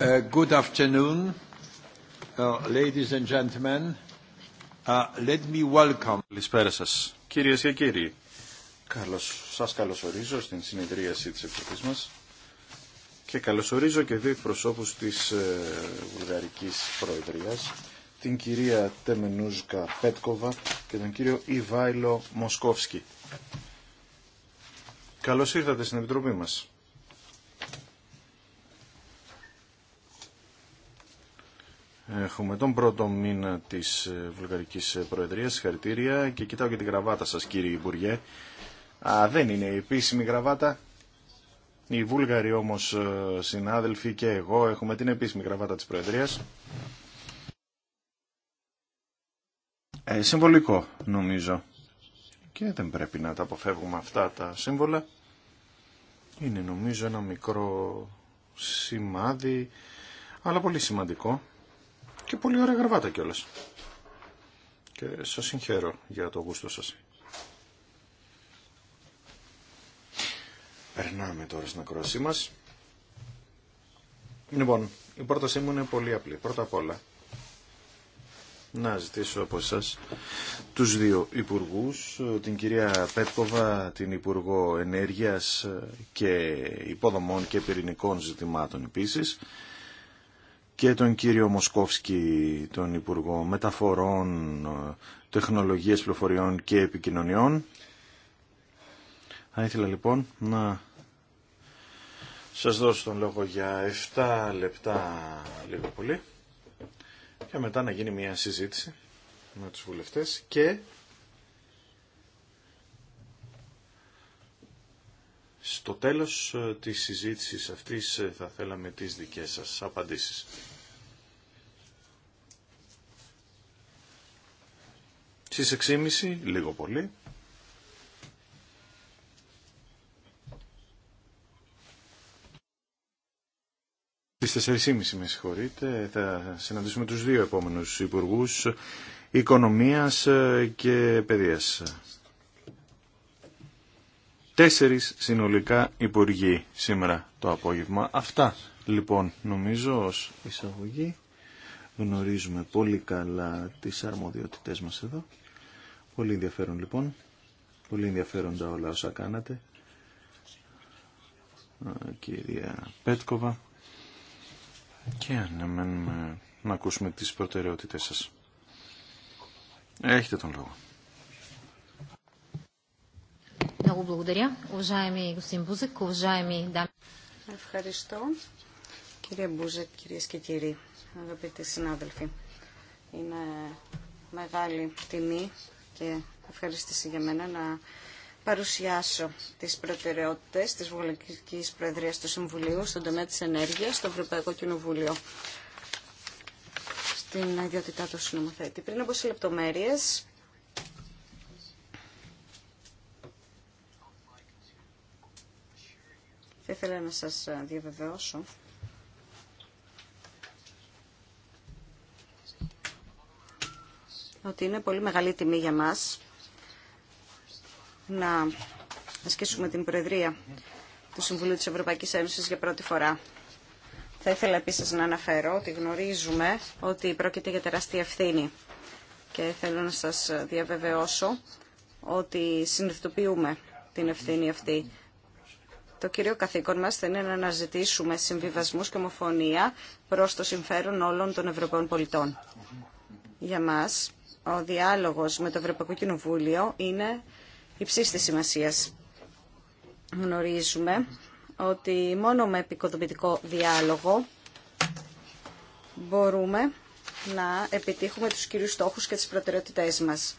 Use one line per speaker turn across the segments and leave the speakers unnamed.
Uh, good uh, gentlemen.
Uh, let me welcome. Καλησπέρα σας, κυρίες και κύριοι. Καλώς, σας καλωσορίζω στην συνεδρίαση της Επιτροπής μας και καλωσορίζω και δύο προσώπους της ε, Βουλγαρικής Προεδρίας, την κυρία Τεμενούζκα Πέτκοβα και τον κύριο Ιβάιλο Μοσκόφσκι. Καλώς ήρθατε στην Επιτροπή μας. Έχουμε τον πρώτο μήνα της ε, Βουλγαρικής ε, Προεδρίας, Συγχαρητήρια και κοιτάω και την γραβάτα σας κύριε Υπουργέ. Α, δεν είναι η επίσημη γραβάτα. Οι Βούλγαροι όμως ε, συνάδελφοι και εγώ έχουμε την επίσημη γραβάτα της Προεδρίας. Ε, συμβολικό νομίζω. Και δεν πρέπει να τα αποφεύγουμε αυτά τα σύμβολα. Είναι νομίζω ένα μικρό σημάδι, αλλά πολύ σημαντικό. Και πολύ ωραία γραβάτα κιόλα. Και σα συγχαίρω για το γούστο σα. Περνάμε τώρα στην ακρόασή μας. Λοιπόν, η πρότασή μου είναι πολύ απλή. Πρώτα απ' όλα, να ζητήσω από εσά τους δύο υπουργούς, την κυρία Πέτκοβα, την Υπουργό Ενέργειας και Υποδομών και Πυρηνικών Ζητημάτων επίση και τον κύριο Μοσκόφσκι, τον Υπουργό Μεταφορών, Τεχνολογίες, Πληροφοριών και Επικοινωνιών. Θα ήθελα λοιπόν να σας δώσω τον λόγο για 7 λεπτά λίγο πολύ και μετά να γίνει μια συζήτηση με τους βουλευτές και στο τέλος ε, της συζήτησης αυτής ε, θα θέλαμε τις δικές σας απαντήσεις. Στις 6.30 λίγο πολύ. Στις 4.30 με συγχωρείτε θα συναντήσουμε τους δύο επόμενους υπουργούς οικονομίας ε, και παιδείας. Τέσσερις συνολικά υπουργοί σήμερα το απόγευμα. Αυτά λοιπόν νομίζω ως εισαγωγή. Γνωρίζουμε πολύ καλά τις αρμοδιότητές μας εδώ. Πολύ ενδιαφέρον λοιπόν. Πολύ ενδιαφέροντα όλα όσα κάνατε. Κυρία Πέτκοβα. Και αναμένουμε να ακούσουμε τις προτεραιότητές σας. Έχετε τον λόγο.
Ευχαριστώ. Κύριε Μπούζεκ, κυρίες και κύριοι αγαπητοί συνάδελφοι. Είναι μεγάλη τιμή και ευχαριστήση για μένα να παρουσιάσω τις προτεραιότητες της Βουλευτικής Προεδρίας του Συμβουλίου στον τομέα της ενέργειας στο Ευρωπαϊκό Κοινοβούλιο στην ιδιότητά του συνομοθέτη. Πριν από σε λεπτομέρειες, θα ήθελα να σας διαβεβαιώσω ότι είναι πολύ μεγάλη τιμή για μας να ασκήσουμε την Προεδρία του Συμβουλίου της Ευρωπαϊκής Ένωσης για πρώτη φορά. Θα ήθελα επίσης να αναφέρω ότι γνωρίζουμε ότι πρόκειται για τεράστια ευθύνη και θέλω να σας διαβεβαιώσω ότι συνειδητοποιούμε την ευθύνη αυτή. Το κύριο καθήκον μας θα είναι να αναζητήσουμε συμβιβασμούς και ομοφωνία προς το συμφέρον όλων των Ευρωπαίων πολιτών. Για μας ο διάλογος με το Ευρωπαϊκό Κοινοβούλιο είναι υψίστης σημασίας. Γνωρίζουμε ότι μόνο με επικοδομητικό διάλογο μπορούμε να επιτύχουμε τους κυρίους στόχους και τις προτεραιότητές μας.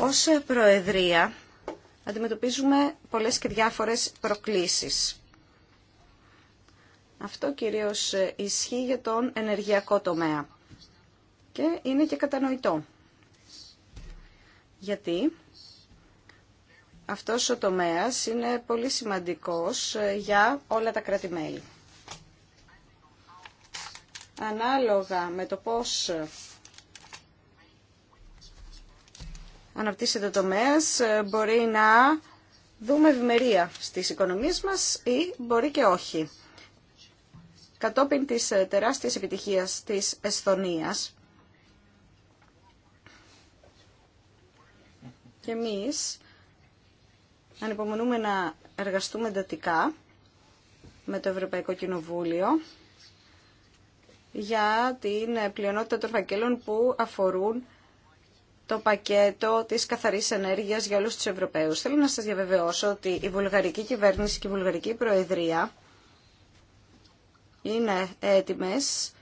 Ως Προεδρία αντιμετωπίζουμε πολλές και διάφορες προκλήσεις. Αυτό κυρίως ισχύει για τον ενεργειακό τομέα. Και είναι και κατανοητό. Γιατί αυτός ο τομέας είναι πολύ σημαντικός ε, για όλα τα κράτη-μέλη. Ανάλογα με το πώς αναπτύσσεται το τομέας, ε, μπορεί να δούμε ευημερία στις οικονομίες μας ή μπορεί και όχι. Κατόπιν της ε, τεράστιας επιτυχίας της Εσθονίας, Και εμείς ανυπομονούμε να εργαστούμε εντατικά με το Ευρωπαϊκό Κοινοβούλιο για την πλειονότητα των φακέλων που αφορούν το πακέτο της καθαρής ενέργειας για όλους τους Ευρωπαίους. Θέλω να σας διαβεβαιώσω ότι η βουλγαρική κυβέρνηση και η βουλγαρική προεδρία είναι έτοιμες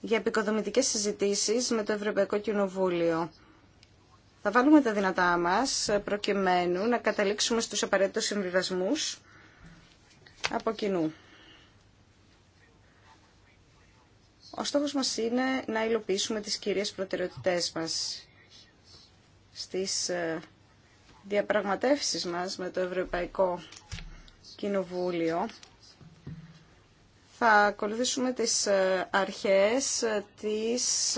για επικοδομητικές συζητήσεις με το Ευρωπαϊκό Κοινοβούλιο θα βάλουμε τα δυνατά μας ε, προκειμένου να καταλήξουμε στους απαραίτητους συμβιβασμούς από κοινού. Ο στόχος μας είναι να υλοποιήσουμε τις κυρίες προτεραιότητές μας στις ε, διαπραγματεύσεις μας με το Ευρωπαϊκό Κοινοβούλιο. Θα ακολουθήσουμε τις ε, αρχές της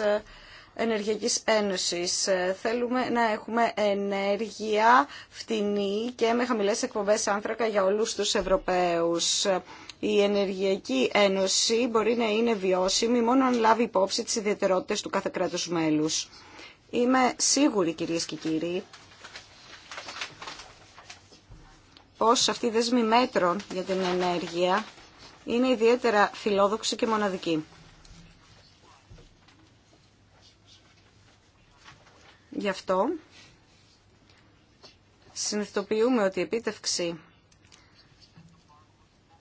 Ενεργειακής Ένωσης. Ε, θέλουμε να έχουμε ενέργεια φτηνή και με χαμηλές εκπομπές άνθρακα για όλους τους Ευρωπαίους. Η Ενεργειακή Ένωση μπορεί να είναι βιώσιμη μόνο αν λάβει υπόψη τις ιδιαιτερότητες του κάθε κράτους μέλους. Είμαι σίγουρη κυρίες και κύριοι πως αυτή η δεσμή μέτρων για την ενέργεια είναι ιδιαίτερα φιλόδοξη και μοναδική. Γι' αυτό συνειδητοποιούμε ότι η επίτευξη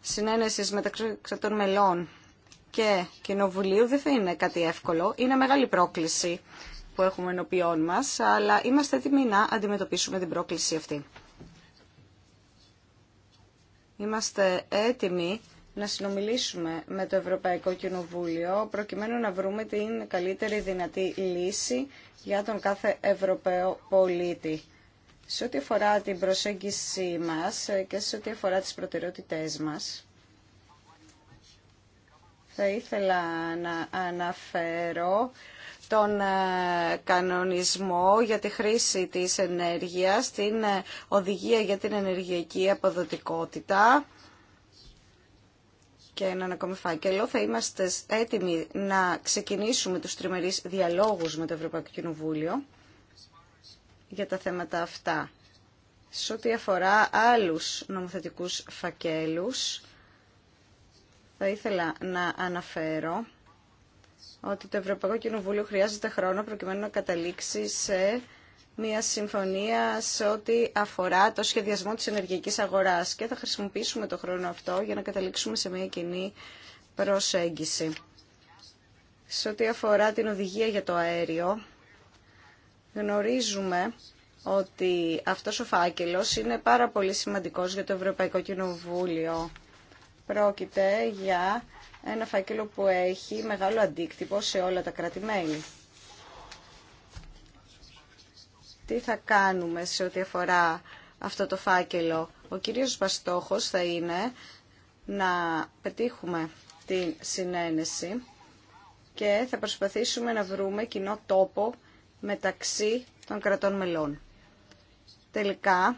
συνένεσης μεταξύ των μελών και κοινοβουλίου δεν θα είναι κάτι εύκολο. Είναι μεγάλη πρόκληση που έχουμε ενωπιών μας, αλλά είμαστε έτοιμοι να αντιμετωπίσουμε την πρόκληση αυτή. Είμαστε έτοιμοι να συνομιλήσουμε με το Ευρωπαϊκό Κοινοβούλιο προκειμένου να βρούμε την καλύτερη δυνατή λύση για τον κάθε Ευρωπαίο πολίτη. Σε ό,τι αφορά την προσέγγιση μας και σε ό,τι αφορά τις προτεραιότητές μας, θα ήθελα να αναφέρω τον ε, κανονισμό για τη χρήση της ενέργειας, την ε, οδηγία για την ενεργειακή αποδοτικότητα, και έναν ακόμη φάκελο. Θα είμαστε έτοιμοι να ξεκινήσουμε τους τριμερείς διαλόγους με το Ευρωπαϊκό Κοινοβούλιο για τα θέματα αυτά. Σε ό,τι αφορά άλλους νομοθετικούς φακέλους, θα ήθελα να αναφέρω ότι το Ευρωπαϊκό Κοινοβούλιο χρειάζεται χρόνο προκειμένου να καταλήξει σε μια συμφωνία σε ό,τι αφορά το σχεδιασμό της ενεργειακής αγοράς και θα χρησιμοποιήσουμε το χρόνο αυτό για να καταλήξουμε σε μια κοινή προσέγγιση. Σε ό,τι αφορά την οδηγία για το αέριο, γνωρίζουμε ότι αυτός ο φάκελος είναι πάρα πολύ σημαντικός για το Ευρωπαϊκό Κοινοβούλιο. Πρόκειται για ένα φάκελο που έχει μεγάλο αντίκτυπο σε όλα τα κρατη τι θα κάνουμε σε ό,τι αφορά αυτό το φάκελο. Ο κύριος μας στόχος θα είναι να πετύχουμε την συνένεση και θα προσπαθήσουμε να βρούμε κοινό τόπο μεταξύ των κρατών μελών. Τελικά,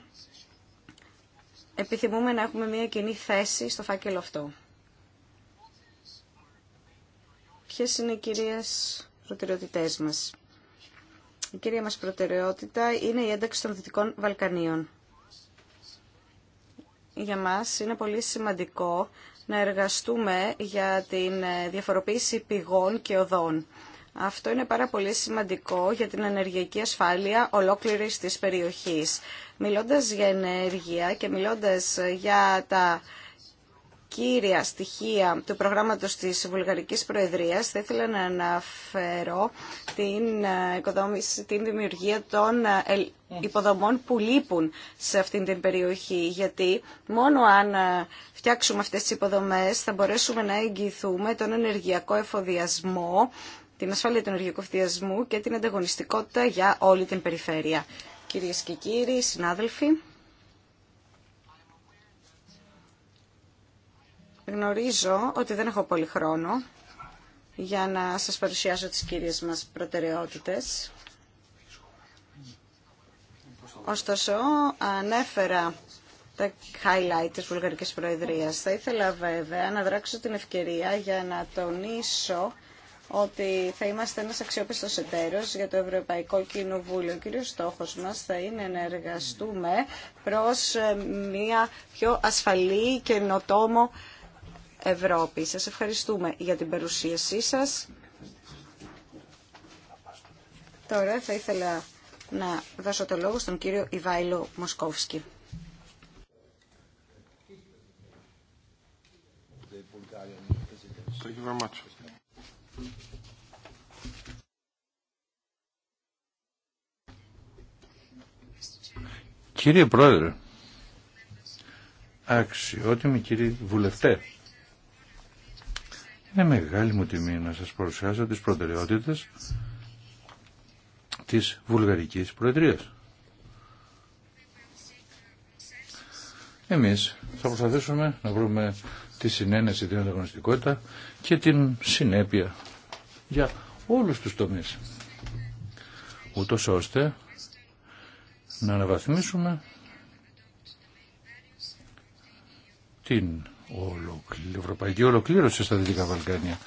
επιθυμούμε να έχουμε μια κοινή θέση στο φάκελο αυτό. Ποιες είναι οι κυρίες προτεραιότητές μας. Η κυρία μας προτεραιότητα είναι η ένταξη των Δυτικών Βαλκανίων. Για μας είναι πολύ σημαντικό να εργαστούμε για την ε, διαφοροποίηση πηγών και οδών. Αυτό είναι πάρα πολύ σημαντικό για την ενεργειακή ασφάλεια ολόκληρης της περιοχής. Μιλώντας για ενέργεια και μιλώντας για τα κύρια στοιχεία του προγράμματος της Βουλγαρικής Προεδρίας θα ήθελα να αναφέρω την, ε, οικοδόμηση, την δημιουργία των ε, υποδομών που λείπουν σε αυτήν την περιοχή γιατί μόνο αν ε, φτιάξουμε αυτές τις υποδομές θα μπορέσουμε να εγγυηθούμε τον ενεργειακό εφοδιασμό την ασφάλεια του ενεργειακού εφοδιασμού και την ανταγωνιστικότητα για όλη την περιφέρεια. Κυρίες και κύριοι, συνάδελφοι, Γνωρίζω ότι δεν έχω πολύ χρόνο για να σας παρουσιάσω τις κύριες μας προτεραιότητες. Ωστόσο, ανέφερα τα highlight της Βουλγαρικής Προεδρίας. Θα ήθελα βέβαια να δράξω την ευκαιρία για να τονίσω ότι θα είμαστε ένας αξιόπιστος εταίρος για το Ευρωπαϊκό Κοινοβούλιο. Ο κύριος στόχος μας θα είναι να εργαστούμε προς ε, μια πιο ασφαλή και νοτόμο Ευρώπη. Σας ευχαριστούμε για την παρουσίασή σας. Τώρα θα ήθελα να δώσω το λόγο στον κύριο Ιβάιλο Μοσκόφσκι.
Κύριε Πρόεδρε, αξιότιμοι κύριοι βουλευτές, είναι μεγάλη μου τιμή να σας παρουσιάσω τις προτεραιότητες της Βουλγαρικής Προεδρίας. Εμείς θα προσπαθήσουμε να βρούμε τη συνένεση, την ανταγωνιστικότητα και την συνέπεια για όλους τους τομείς. Ούτως ώστε να αναβαθμίσουμε την ευρωπαϊκή ολοκλήρωση στα Δυτικά Βαλκάνια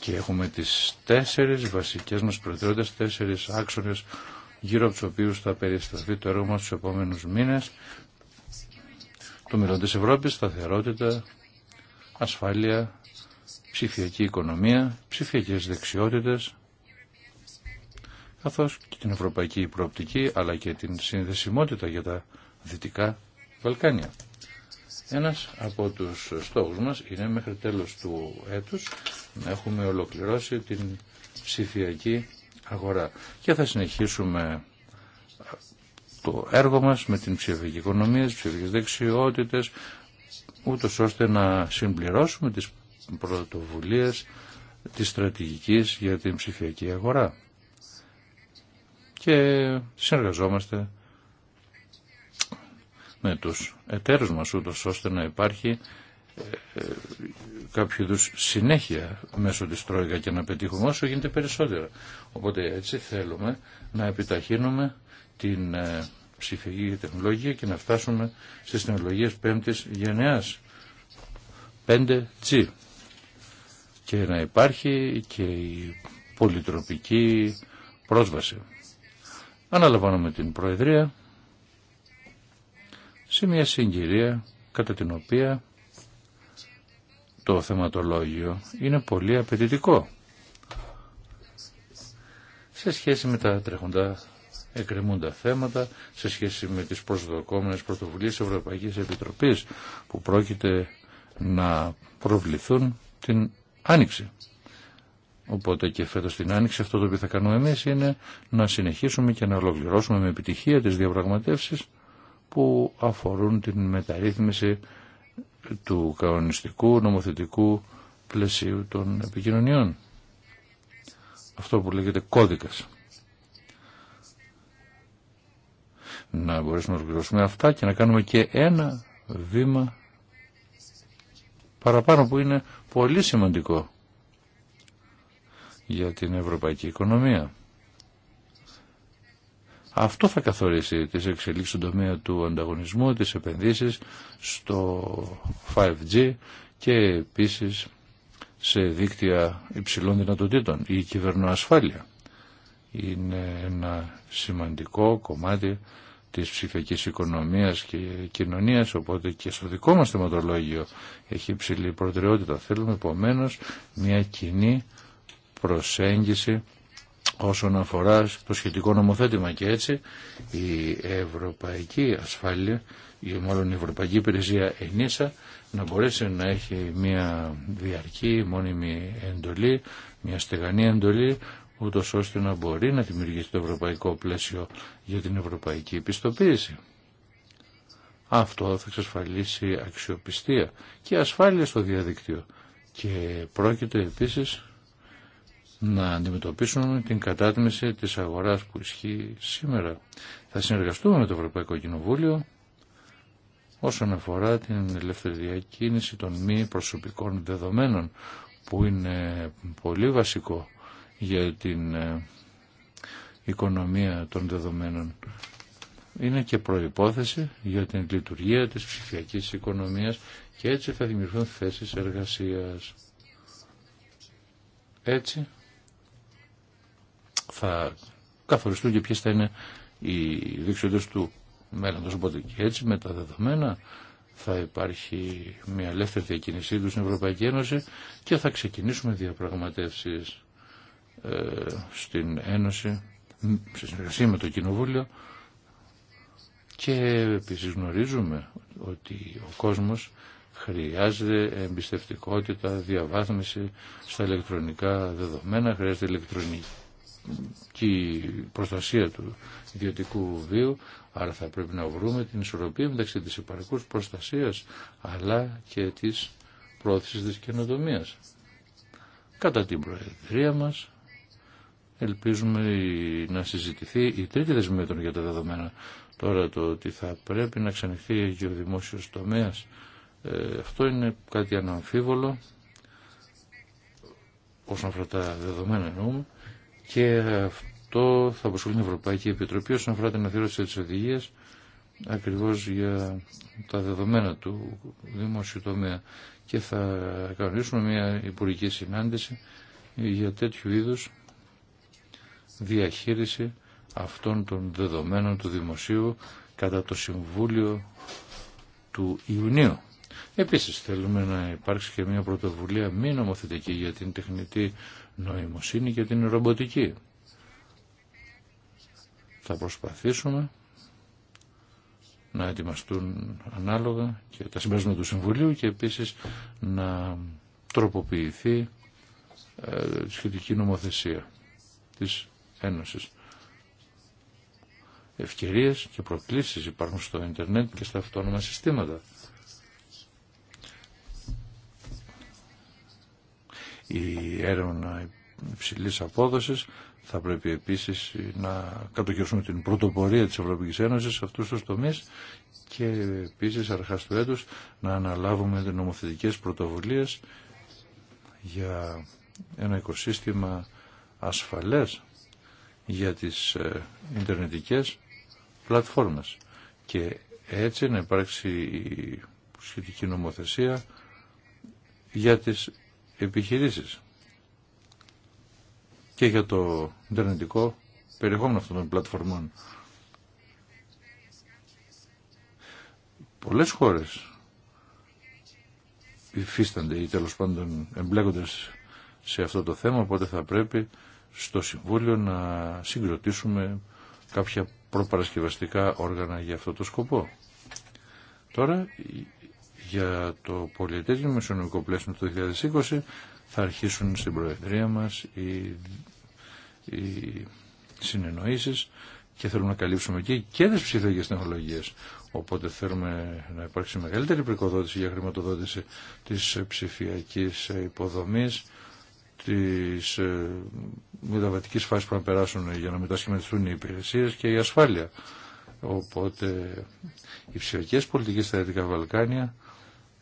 και έχουμε τις τέσσερις βασικές μας προτεραιότητες, τέσσερις άξονες γύρω από τους οποίους θα περισταθεί το έργο μας τους επόμενους μήνες το μέλλον της Ευρώπης, σταθερότητα, ασφάλεια, ψηφιακή οικονομία, ψηφιακές δεξιότητες καθώς και την ευρωπαϊκή προοπτική αλλά και την συνδεσιμότητα για τα Δυτικά Βαλκάνια. Ένας από τους στόχους μας είναι μέχρι τέλος του έτους να έχουμε ολοκληρώσει την ψηφιακή αγορά. Και θα συνεχίσουμε το έργο μας με την ψηφιακή οικονομία, τις ψηφιακές δεξιότητες, ούτως ώστε να συμπληρώσουμε τις πρωτοβουλίες της στρατηγικής για την ψηφιακή αγορά. Και συνεργαζόμαστε με τους εταίρους μας ούτως ώστε να υπάρχει ε, ε, κάποιο είδου συνέχεια μέσω της Τρόικα και να πετύχουμε όσο γίνεται περισσότερα. Οπότε έτσι θέλουμε να επιταχύνουμε την ε, ψηφιακή τεχνολογία και να φτάσουμε στις τεχνολογίες πέμπτης γενεάς 5G και να υπάρχει και η πολυτροπική πρόσβαση. Αναλαμβάνουμε την Προεδρία σε μια συγκυρία κατά την οποία το θεματολόγιο είναι πολύ απαιτητικό σε σχέση με τα τρέχοντα εκκρεμούντα θέματα, σε σχέση με τις προσδοκόμενες πρωτοβουλίες της Ευρωπαϊκής Επιτροπής που πρόκειται να προβληθούν την Άνοιξη. Οπότε και φέτος την Άνοιξη αυτό το οποίο θα κάνουμε εμείς είναι να συνεχίσουμε και να ολοκληρώσουμε με επιτυχία τις διαπραγματεύσεις που αφορούν την μεταρρύθμιση του κανονιστικού νομοθετικού πλαισίου των επικοινωνιών. Αυτό που λέγεται κώδικας. Να μπορέσουμε να ολοκληρώσουμε αυτά και να κάνουμε και ένα βήμα παραπάνω που είναι πολύ σημαντικό για την ευρωπαϊκή οικονομία. Αυτό θα καθορίσει τις εξελίξεις στον τομέα του ανταγωνισμού, τις επενδύσεις στο 5G και επίσης σε δίκτυα υψηλών δυνατοτήτων. Η κυβερνοασφάλεια είναι ένα σημαντικό κομμάτι της ψηφιακής οικονομίας και κοινωνίας, οπότε και στο δικό μας θεματολόγιο έχει υψηλή προτεραιότητα. Θέλουμε επομένω μια κοινή προσέγγιση όσον αφορά το σχετικό νομοθέτημα και έτσι η Ευρωπαϊκή Ασφάλεια ή μάλλον η Ευρωπαϊκή Υπηρεσία ΕΝΙΣΑ να μπορέσει να έχει μια διαρκή μόνιμη εντολή, μια στεγανή εντολή ούτω ώστε να μπορεί να δημιουργήσει το ευρωπαϊκό πλαίσιο για την ευρωπαϊκή επιστοποίηση. Αυτό θα εξασφαλίσει αξιοπιστία και ασφάλεια στο διαδίκτυο και πρόκειται επίσης να αντιμετωπίσουν την κατάτμιση της αγοράς που ισχύει σήμερα. Θα συνεργαστούμε με το Ευρωπαϊκό Κοινοβούλιο όσον αφορά την ελεύθερη διακίνηση των μη προσωπικών δεδομένων που είναι πολύ βασικό για την ε, οικονομία των δεδομένων. Είναι και προϋπόθεση για την λειτουργία της ψηφιακής οικονομίας και έτσι θα δημιουργούν θέσεις εργασίας. Έτσι θα καθοριστούν και ποιε θα είναι οι δείξοντε του μέλλοντος. Οπότε και έτσι με τα δεδομένα θα υπάρχει μια ελεύθερη διακίνησή του στην Ευρωπαϊκή Ένωση και θα ξεκινήσουμε διαπραγματεύσεις ε, στην Ένωση σε συνεργασία με το Κοινοβούλιο και επίσης γνωρίζουμε ότι ο κόσμος χρειάζεται εμπιστευτικότητα, διαβάθμιση στα ηλεκτρονικά δεδομένα, χρειάζεται ηλεκτρονική και η προστασία του ιδιωτικού βίου, άρα θα πρέπει να βρούμε την ισορροπία μεταξύ της υπαρκούς προστασίας αλλά και της πρόθεσης της καινοτομίας. Κατά την Προεδρία μας ελπίζουμε να συζητηθεί η τρίτη δεσμεύον για τα δεδομένα τώρα το ότι θα πρέπει να ξανοιχθεί και ο δημόσιος τομέας. Ε, αυτό είναι κάτι αναμφίβολο όσον αφορά τα δεδομένα εννοούμε και αυτό θα αποσχολεί την Ευρωπαϊκή Επιτροπή όσον αφορά την αθήρωση της οδηγίας ακριβώς για τα δεδομένα του δημόσιου τομέα και θα κανονίσουμε μια υπουργική συνάντηση για τέτοιου είδους διαχείριση αυτών των δεδομένων του δημοσίου κατά το Συμβούλιο του Ιουνίου. Επίσης θέλουμε να υπάρξει και μια πρωτοβουλία μη νομοθετική για την τεχνητή νοημοσύνη και την ρομποτική. Θα προσπαθήσουμε να ετοιμαστούν ανάλογα και τα συμπέρασματα του Συμβουλίου και επίσης να τροποποιηθεί ε, σχετική νομοθεσία της Ένωσης. Ευκαιρίες και προκλήσεις υπάρχουν στο ίντερνετ και στα αυτόνομα συστήματα. η έρευνα υψηλή απόδοσης θα πρέπει επίσης να κατοχυρώσουμε την πρωτοπορία της Ευρωπαϊκής Ένωσης σε αυτούς τους τομείς και επίσης αρχάς του έτους να αναλάβουμε νομοθετικές πρωτοβουλίες για ένα οικοσύστημα ασφαλές για τις ε, ιντερνετικές πλατφόρμες και έτσι να υπάρξει η σχετική νομοθεσία για τις επιχειρήσεις και για το ιντερνετικό περιεχόμενο αυτών των πλατφορμών. Πολλές χώρες υφίστανται ή τέλος πάντων εμπλέκονται σε αυτό το θέμα, οπότε θα πρέπει στο Συμβούλιο να συγκροτήσουμε κάποια προπαρασκευαστικά όργανα για αυτό το σκοπό. Τώρα για το πολιτές μεσονομικό πλαίσιο του 2020 θα αρχίσουν στην Προεδρία μας οι, οι συνεννοήσεις και θέλουμε να καλύψουμε εκεί και τις ψηφιακές τεχνολογίες. Οπότε θέλουμε να υπάρξει μεγαλύτερη πρικοδότηση για χρηματοδότηση της ψηφιακής υποδομής, της ε, μεταβατικής φάσης που να περάσουν για να μετασχηματιστούν οι υπηρεσίες και η ασφάλεια. Οπότε οι ψηφιακές πολιτικές στα Δυτικά Βαλκάνια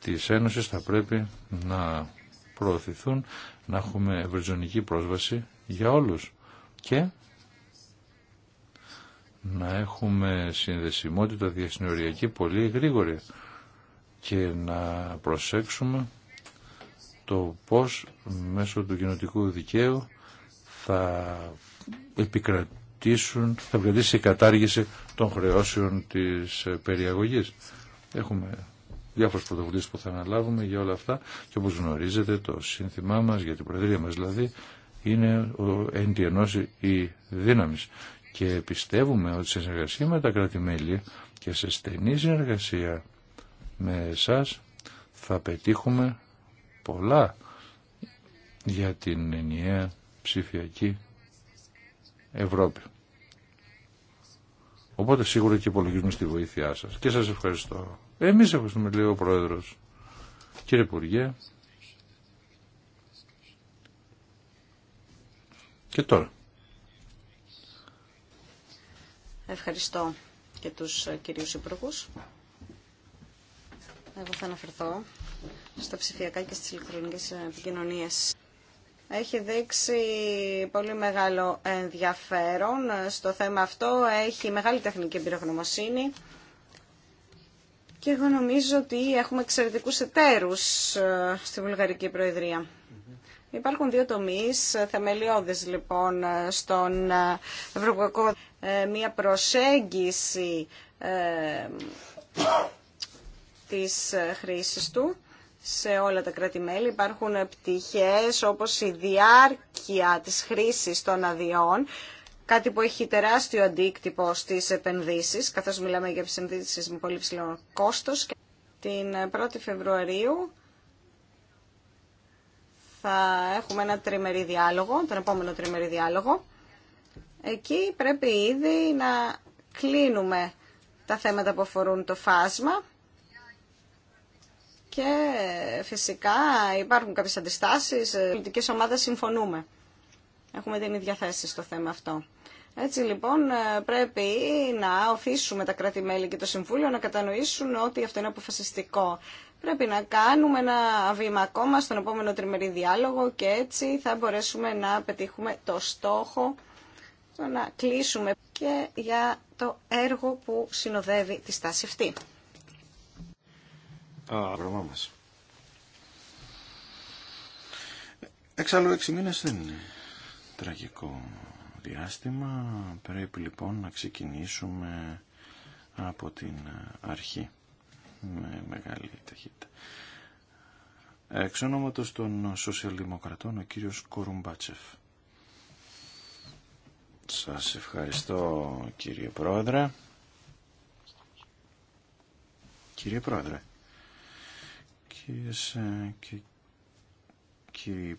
της Ένωσης θα πρέπει να προωθηθούν, να έχουμε ευρυζωνική πρόσβαση για όλους και να έχουμε συνδεσιμότητα διασυνοριακή πολύ γρήγορη και να προσέξουμε το πώς μέσω του κοινοτικού δικαίου θα επικρατήσουν, θα επικρατήσει η κατάργηση των χρεώσεων της περιαγωγής. Έχουμε Διάφορε πρωτοβουλίε που θα αναλάβουμε για όλα αυτά και όπω γνωρίζετε το σύνθημά μας για την Προεδρία μας δηλαδή είναι ο εν τη η δύναμη. και πιστεύουμε ότι σε συνεργασία με τα κράτη-μέλη και σε στενή συνεργασία με εσάς θα πετύχουμε πολλά για την ενιαία ψηφιακή Ευρώπη. Οπότε σίγουρα και υπολογίζουμε στη βοήθειά σας. Και σας ευχαριστώ. Εμείς έχουμε, λέει ο Πρόεδρος. Κύριε Υπουργέ. Και τώρα.
Ευχαριστώ και τους ε, κυρίους Υπουργούς. Εγώ θα αναφερθώ στα ψηφιακά και στις ηλεκτρονικές επικοινωνίες. Έχει δείξει πολύ μεγάλο ενδιαφέρον ε, στο θέμα αυτό. Έχει μεγάλη τεχνική εμπειρογνωμοσύνη. Και εγώ νομίζω ότι έχουμε εξαιρετικούς εταίρους ε, στη Βουλγαρική Προεδρία. Υπάρχουν δύο τομείς ε, θεμελιώδες λοιπόν ε, στον ευρωπαϊκό μια προσέγγιση της χρήσης του σε όλα τα κράτη-μέλη. Υπάρχουν πτυχές όπως η διάρκεια της χρήσης των αδειών κάτι που έχει τεράστιο αντίκτυπο στις επενδύσεις, καθώς μιλάμε για επενδύσεις με πολύ ψηλό κόστος. Την 1η Φεβρουαρίου θα έχουμε ένα τριμερή διάλογο, τον επόμενο τριμερή διάλογο. Εκεί πρέπει ήδη να κλείνουμε τα θέματα που αφορούν το φάσμα και φυσικά υπάρχουν κάποιες αντιστάσεις, ε, πολιτικές ομάδες συμφωνούμε. Έχουμε την ίδια θέση στο θέμα αυτό. Έτσι λοιπόν ε, πρέπει να οφήσουμε τα κράτη-μέλη και το Συμβούλιο να κατανοήσουν ότι αυτό είναι αποφασιστικό. Πρέπει να κάνουμε ένα βήμα ακόμα στον επόμενο τριμερή διάλογο και έτσι θα μπορέσουμε να πετύχουμε το στόχο να κλείσουμε και για το έργο που συνοδεύει τη στάση αυτή.
Α, μας. Εξάλλου έξι μήνες δεν είναι τραγικό διάστημα. Πρέπει λοιπόν να ξεκινήσουμε από την ε, αρχή με μεγάλη ταχύτητα. Εξ ονόματος των Σοσιαλδημοκρατών, ο κύριος Κορουμπάτσεφ. Σας ευχαριστώ κύριε Πρόεδρε. Κύριε Πρόεδρε, κύριε ε, και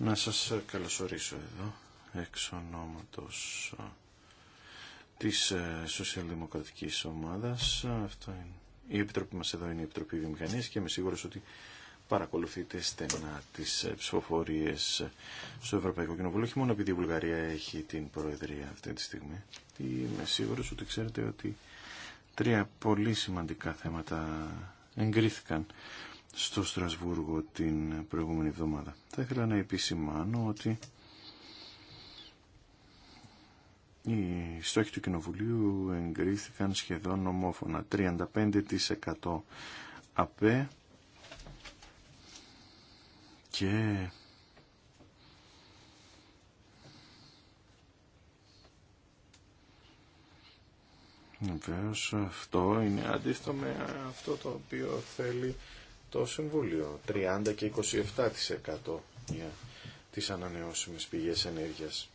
να σας καλωσορίσω εδώ, εξ ονόματος ε, της ε, Σοσιαλδημοκρατικής Ομάδας. Ε, αυτό είναι. Η Επιτροπή μας εδώ είναι η Επιτροπή Βιομηχανίας και είμαι σίγουρος ότι παρακολουθείτε στενά τις ψηφοφορίες στο Ευρωπαϊκό Κοινοβούλιο, όχι μόνο επειδή η Βουλγαρία έχει την Προεδρία αυτή τη στιγμή. Είμαι σίγουρος ότι ξέρετε ότι τρία πολύ σημαντικά θέματα εγκρίθηκαν στο Στρασβούργο την προηγούμενη εβδομάδα. Θα ήθελα να επισημάνω ότι οι στόχοι του Κοινοβουλίου εγκρίθηκαν σχεδόν ομόφωνα. 35% ΑΠΕ και Βεβαίω αυτό είναι αντίθετο με αυτό το οποίο θέλει το Συμβούλιο. 30 και 27% για τις ανανεώσιμες πηγές ενέργειας.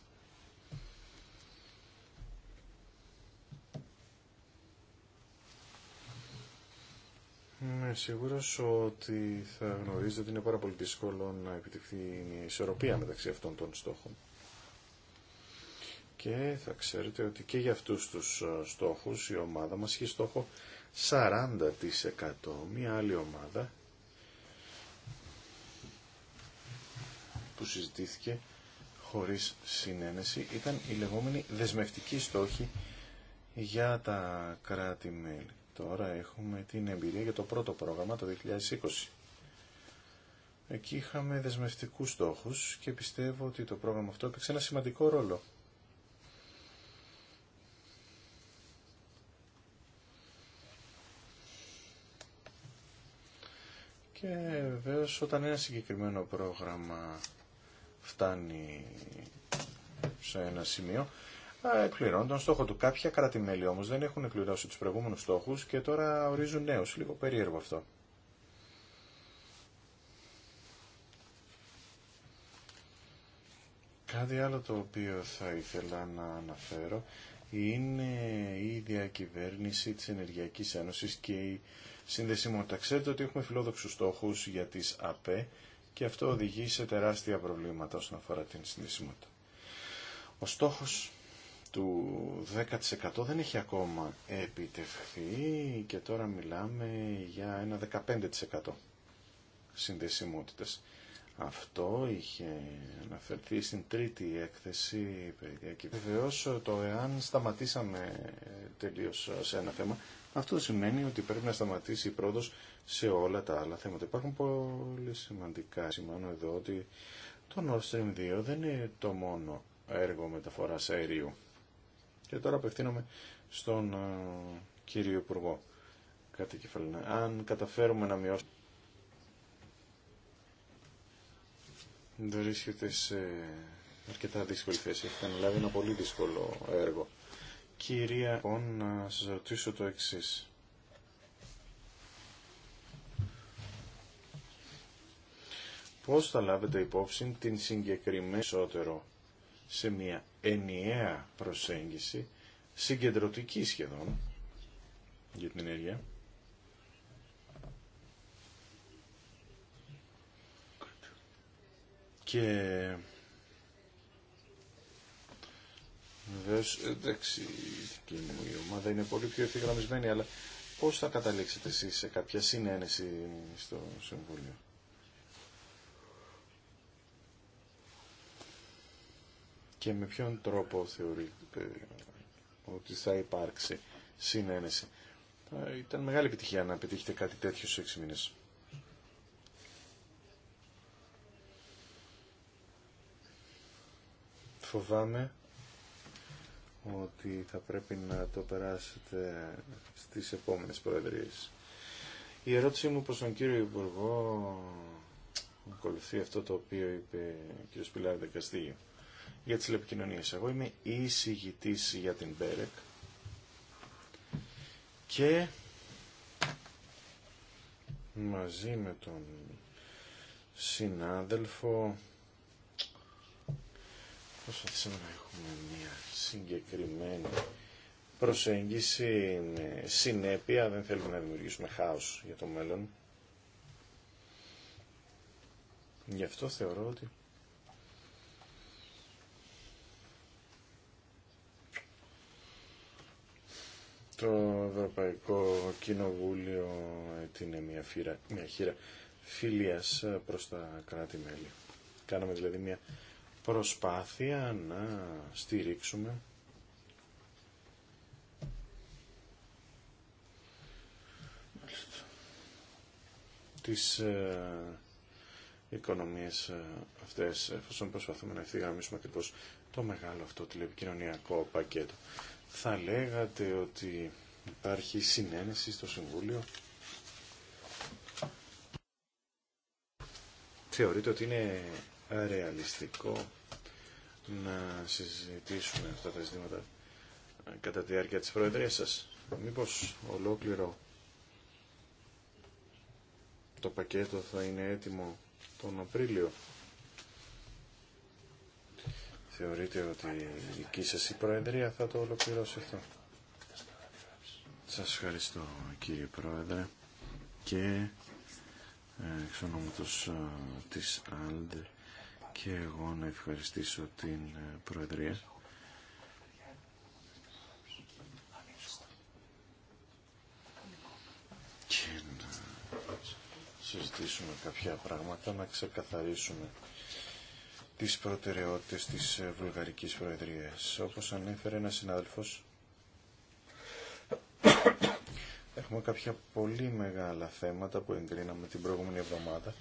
Είμαι σίγουρο ότι θα γνωρίζετε ότι είναι πάρα πολύ δύσκολο να επιτευχθεί η ισορροπία μεταξύ αυτών των στόχων. Και θα ξέρετε ότι και για αυτούς τους ε, στόχους η ομάδα μας έχει στόχο 40%. Μια άλλη ομάδα που συζητήθηκε χωρίς συνένεση ήταν οι λεγόμενοι δεσμευτικοί στόχοι για τα κράτη-μέλη. Τώρα έχουμε την εμπειρία για το πρώτο πρόγραμμα το 2020. Εκεί είχαμε δεσμευτικούς στόχους και πιστεύω ότι το πρόγραμμα αυτό έπαιξε ένα σημαντικό ρόλο. Και βεβαίω όταν ένα συγκεκριμένο πρόγραμμα φτάνει σε ένα σημείο, εκπληρώνει τον στόχο του. Κάποια κράτη-μέλη δεν έχουν εκπληρώσει του προηγούμενους στόχους και τώρα ορίζουν νέους. Λίγο περίεργο αυτό. Κάτι άλλο το οποίο θα ήθελα να αναφέρω είναι η διακυβέρνηση της Ενεργειακής Ένωσης και η συνδεσιμότητα. Ξέρετε ότι έχουμε φιλόδοξους στόχους για τις ΑΠΕ και αυτό οδηγεί σε τεράστια προβλήματα όσον αφορά την συνδυσιμότητα. Ο στόχος του 10% δεν έχει ακόμα επιτευχθεί και τώρα μιλάμε για ένα 15% συνδεσιμότητας. Αυτό είχε αναφερθεί στην τρίτη έκθεση περιδιακή. Βεβαίω το εάν σταματήσαμε τελείως σε ένα θέμα, αυτό σημαίνει ότι πρέπει να σταματήσει η σε όλα τα άλλα θέματα. Υπάρχουν πολύ σημαντικά. Σημαίνω εδώ ότι το Nord Stream 2 δεν είναι το μόνο έργο μεταφοράς αερίου. Και τώρα απευθύνομαι στον ε, κύριο Υπουργό. Κάτι Αν καταφέρουμε να μειώσουμε βρίσκεται σε αρκετά δύσκολη θέση. Έχετε αναλάβει ένα πολύ δύσκολο έργο. Κυρία, λοιπόν, να σας ρωτήσω το εξής. πώς θα λάβετε υπόψη την συγκεκριμένη σώτερο σε μια ενιαία προσέγγιση, συγκεντρωτική σχεδόν, για την ενέργεια. Και βεβαίως, εντάξει, η ομάδα είναι πολύ πιο ευθυγραμμισμένη, αλλά πώς θα καταλήξετε εσείς σε κάποια συνένεση στο Συμβούλιο. και με ποιον τρόπο θεωρείτε ε, ότι θα υπάρξει συνένεση. Ε, ήταν μεγάλη επιτυχία να πετύχετε κάτι τέτοιο σε έξι μήνες. Φοβάμαι ότι θα πρέπει να το περάσετε στις επόμενες προεδρίες. Η ερώτησή μου προς τον κύριο Υπουργό ακολουθεί αυτό το οποίο είπε ο κύριος Πιλάρντα Δεκαστήγιο για τις τηλεπικοινωνίες. Εγώ είμαι εισηγητής για την Μπέρεκ και μαζί με τον συνάδελφο προσπαθήσαμε να έχουμε μια συγκεκριμένη προσέγγιση με συνέπεια, δεν θέλουμε να δημιουργήσουμε χάος για το μέλλον. Γι' αυτό θεωρώ ότι Το Ευρωπαϊκό Κοινοβούλιο είναι μια, φύρα, μια χείρα φιλίας προς τα κράτη-μέλη. Κάναμε δηλαδή μια προσπάθεια να στηρίξουμε τις ε, οικονομίες ε, αυτές, εφόσον προσπαθούμε να ευθυγραμμίσουμε ακριβώ το μεγάλο αυτό τηλεπικοινωνιακό πακέτο θα λέγατε ότι υπάρχει συνένεση στο Συμβούλιο. Θεωρείτε ότι είναι ρεαλιστικό να συζητήσουμε αυτά τα ζητήματα κατά τη διάρκεια της Προεδρίας σας. Μήπως ολόκληρο το πακέτο θα είναι έτοιμο τον Απρίλιο θεωρείτε ότι η δική σας η Προεδρία θα το ολοκληρώσει αυτό. Σας ευχαριστώ κύριε Πρόεδρε και ε, εξ ονόματος ε, της ΑΛΔ και εγώ να ευχαριστήσω την ε, Προεδρία. Και να συζητήσουμε κάποια πράγματα, να ξεκαθαρίσουμε τις προτεραιότητες της ε, Βουλγαρικής Προεδρίας. Όπως ανέφερε ένας συνάδελφος, έχουμε κάποια πολύ μεγάλα θέματα που εγκρίναμε την προηγούμενη εβδομάδα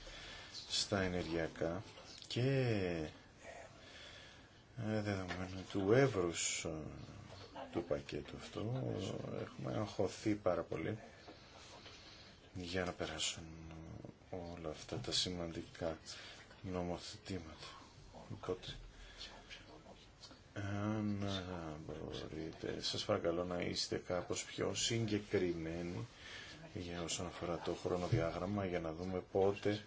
στα ενεργειακά και ε, δεδομένου του εύρους ε, του πακέτου αυτού έχουμε αγχωθεί πάρα πολύ για να περάσουν όλα αυτά τα σημαντικά νομοθετήματα. Αν ε, μπορείτε, σας παρακαλώ να είστε κάπως πιο συγκεκριμένοι για όσον αφορά το χρονοδιάγραμμα για να δούμε πότε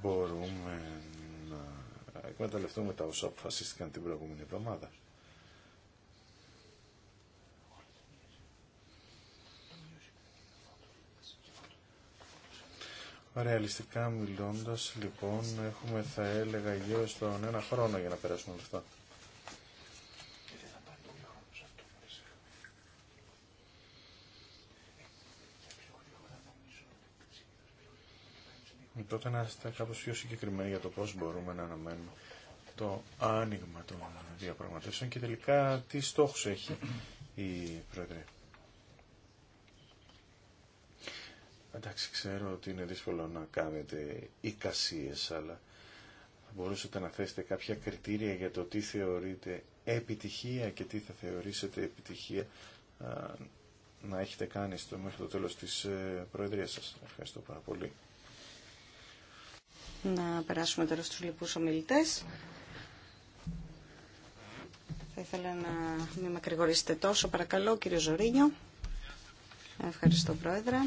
μπορούμε να εκμεταλλευτούμε τα όσα αποφασίστηκαν την προηγούμενη εβδομάδα. Ρεαλιστικά μιλώντα λοιπόν, έχουμε, θα έλεγα, γύρω στον ένα χρόνο για να περάσουμε όλα αυτά. Ε, τότε να είστε κάπως πιο συγκεκριμένοι για το πώ μπορούμε να αναμένουμε το άνοιγμα των διαπραγματεύσεων και τελικά τι στόχου έχει η Προεδρία. Εντάξει, ξέρω ότι είναι δύσκολο να κάνετε εικασίες, αλλά θα μπορούσατε να θέσετε κάποια κριτήρια για το τι θεωρείτε επιτυχία και τι θα θεωρήσετε επιτυχία να έχετε κάνει στο, μέχρι το τέλος της ε, Προεδρίας σας. Ευχαριστώ πάρα πολύ.
Να περάσουμε τώρα στους λοιπούς ομιλητές. Θα ήθελα να μην μακρηγορήσετε τόσο. Παρακαλώ, κύριο Ζωρίνιο. Ευχαριστώ, Πρόεδρε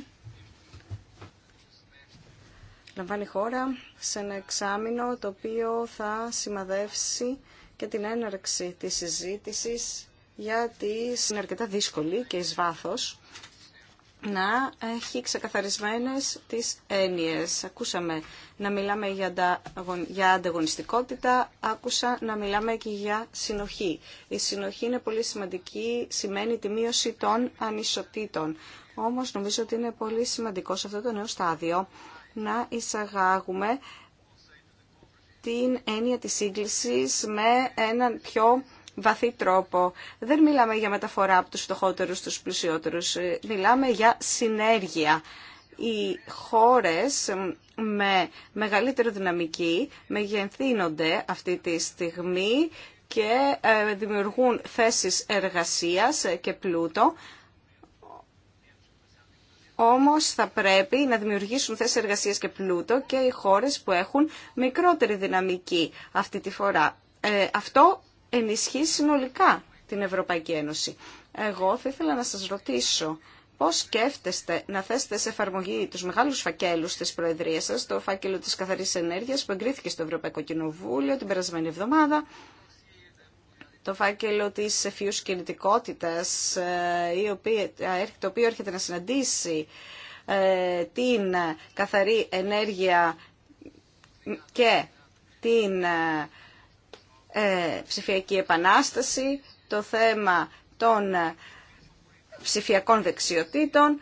λαμβάνει χώρα σε ένα εξάμεινο το οποίο θα σημαδεύσει και την έναρξη της συζήτησης γιατί είναι αρκετά δύσκολη και εις βάθος να έχει ξεκαθαρισμένες τις έννοιες. Ακούσαμε να μιλάμε για ανταγωνιστικότητα, άκουσα να μιλάμε και για συνοχή. Η συνοχή είναι πολύ σημαντική, σημαίνει τη μείωση των ανισοτήτων. Όμως νομίζω ότι είναι πολύ σημαντικό σε αυτό το νέο στάδιο να εισαγάγουμε την έννοια της σύγκλησης με έναν πιο βαθύ τρόπο. Δεν μιλάμε για μεταφορά από τους φτωχότερους στους πλουσιότερους, μιλάμε για συνέργεια. Οι χώρες με μεγαλύτερη δυναμική μεγενθύνονται αυτή τη στιγμή και ε, δημιουργούν θέσεις εργασίας ε, και πλούτο όμως θα πρέπει να δημιουργήσουν θέσει εργασίας και πλούτο και οι χώρε που έχουν μικρότερη δυναμική αυτή τη φορά. Ε, αυτό ενισχύει συνολικά την Ευρωπαϊκή Ένωση. Εγώ θα ήθελα να σας ρωτήσω πώς σκέφτεστε να θέσετε σε εφαρμογή τους μεγάλους φακέλους της Προεδρίας σας, το φάκελο της καθαρής ενέργειας που εγκρίθηκε στο Ευρωπαϊκό Κοινοβούλιο την περασμένη εβδομάδα, το φάκελο της ευφύους κινητικότητας, ε, ε, το οποίο έρχεται να συναντήσει ε, την καθαρή ενέργεια και την ψηφιακή επανάσταση, το θέμα των ψηφιακών δεξιοτήτων,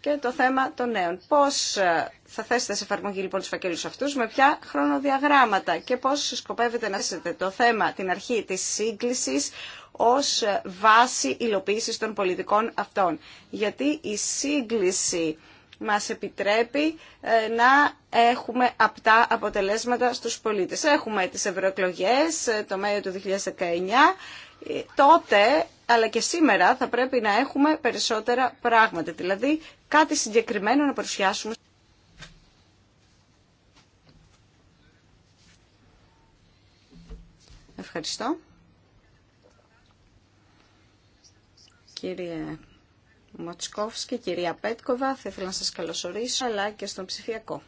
και το θέμα των νέων. Πώς ε, θα θέσετε σε εφαρμογή λοιπόν τους φακέλους αυτούς, με ποια χρονοδιαγράμματα και πώς σκοπεύετε να θέσετε το θέμα, την αρχή της σύγκλησης ως ε, βάση υλοποίησης των πολιτικών αυτών. Γιατί η σύγκληση μας επιτρέπει ε, να έχουμε απτά αποτελέσματα στους πολίτες. Έχουμε τις ευρωεκλογέ το Μέιο του 2019. Τότε αλλά και σήμερα θα πρέπει να έχουμε περισσότερα πράγματα, δηλαδή κάτι συγκεκριμένο να παρουσιάσουμε. Ευχαριστώ. Κύριε Μοτσκόφσκι, κυρία Πέτκοβα, θα ήθελα να σας καλωσορίσω, αλλά και στον ψηφιακό.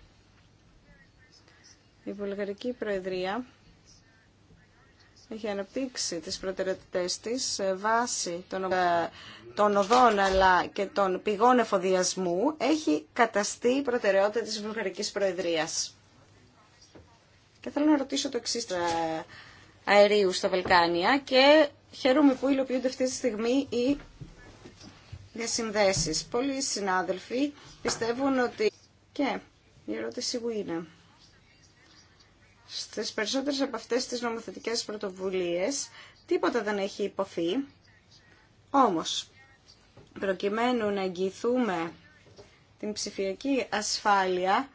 Η Βουλγαρική Προεδρία έχει αναπτύξει τις προτεραιότητές της βάση ε, των, οδών αλλά και των πηγών εφοδιασμού έχει καταστεί η προτεραιότητα της Βουλγαρικής Προεδρίας. Και θέλω να ρωτήσω το εξής ε, αερίου στα Βαλκάνια και χαίρομαι που υλοποιούνται αυτή τη στιγμή οι διασυνδέσεις. Πολλοί συνάδελφοι πιστεύουν ότι... Και η ερώτησή μου είναι... Στις περισσότερες από αυτές τις νομοθετικές πρωτοβουλίες τίποτα δεν έχει υποθεί. Όμως, προκειμένου να εγγυηθούμε την ψηφιακή ασφάλεια,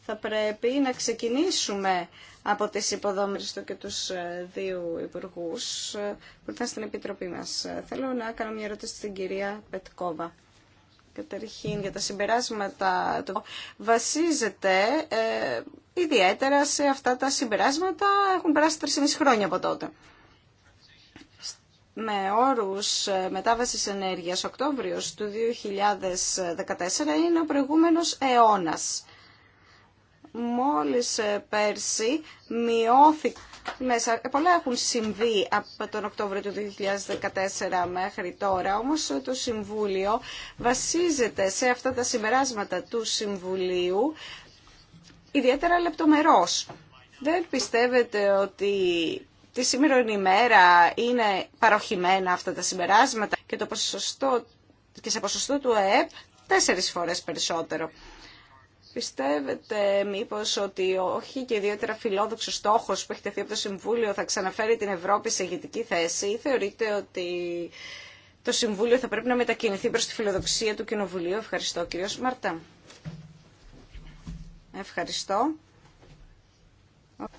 θα πρέπει να ξεκινήσουμε από τις υποδόμες του και τους ε, δύο υπουργούς ε, που ήταν στην Επιτροπή μας. Ε, θέλω να κάνω μια ερώτηση στην κυρία Πετκόβα καταρχήν για τα συμπεράσματα του βασίζεται ε, ιδιαίτερα σε αυτά τα συμπεράσματα έχουν περάσει 3,5 χρόνια από τότε. Με όρους ε, μετάβασης ενέργειας Οκτώβριος του 2014 είναι ο προηγούμενος αιώνας. Μόλις ε, πέρσι μειώθηκε μέσα. Ε, πολλά έχουν συμβεί από τον Οκτώβριο του 2014 μέχρι τώρα, όμως το Συμβούλιο βασίζεται σε αυτά τα συμπεράσματα του Συμβουλίου, ιδιαίτερα λεπτομερώς. Δεν πιστεύετε ότι τη σήμερα ημέρα είναι παροχημένα αυτά τα συμπεράσματα και, το ποσοστό, και σε ποσοστό του ΕΕΠ τέσσερις φορές περισσότερο. Πιστεύετε μήπως ότι όχι και ιδιαίτερα φιλόδοξο στόχος που έχει τεθεί από το Συμβούλιο θα ξαναφέρει την Ευρώπη σε ηγετική θέση ή θεωρείτε ότι το Συμβούλιο θα πρέπει να μετακινηθεί προς τη φιλοδοξία του Κοινοβουλίου. Ευχαριστώ κύριος Μαρτά. Ευχαριστώ.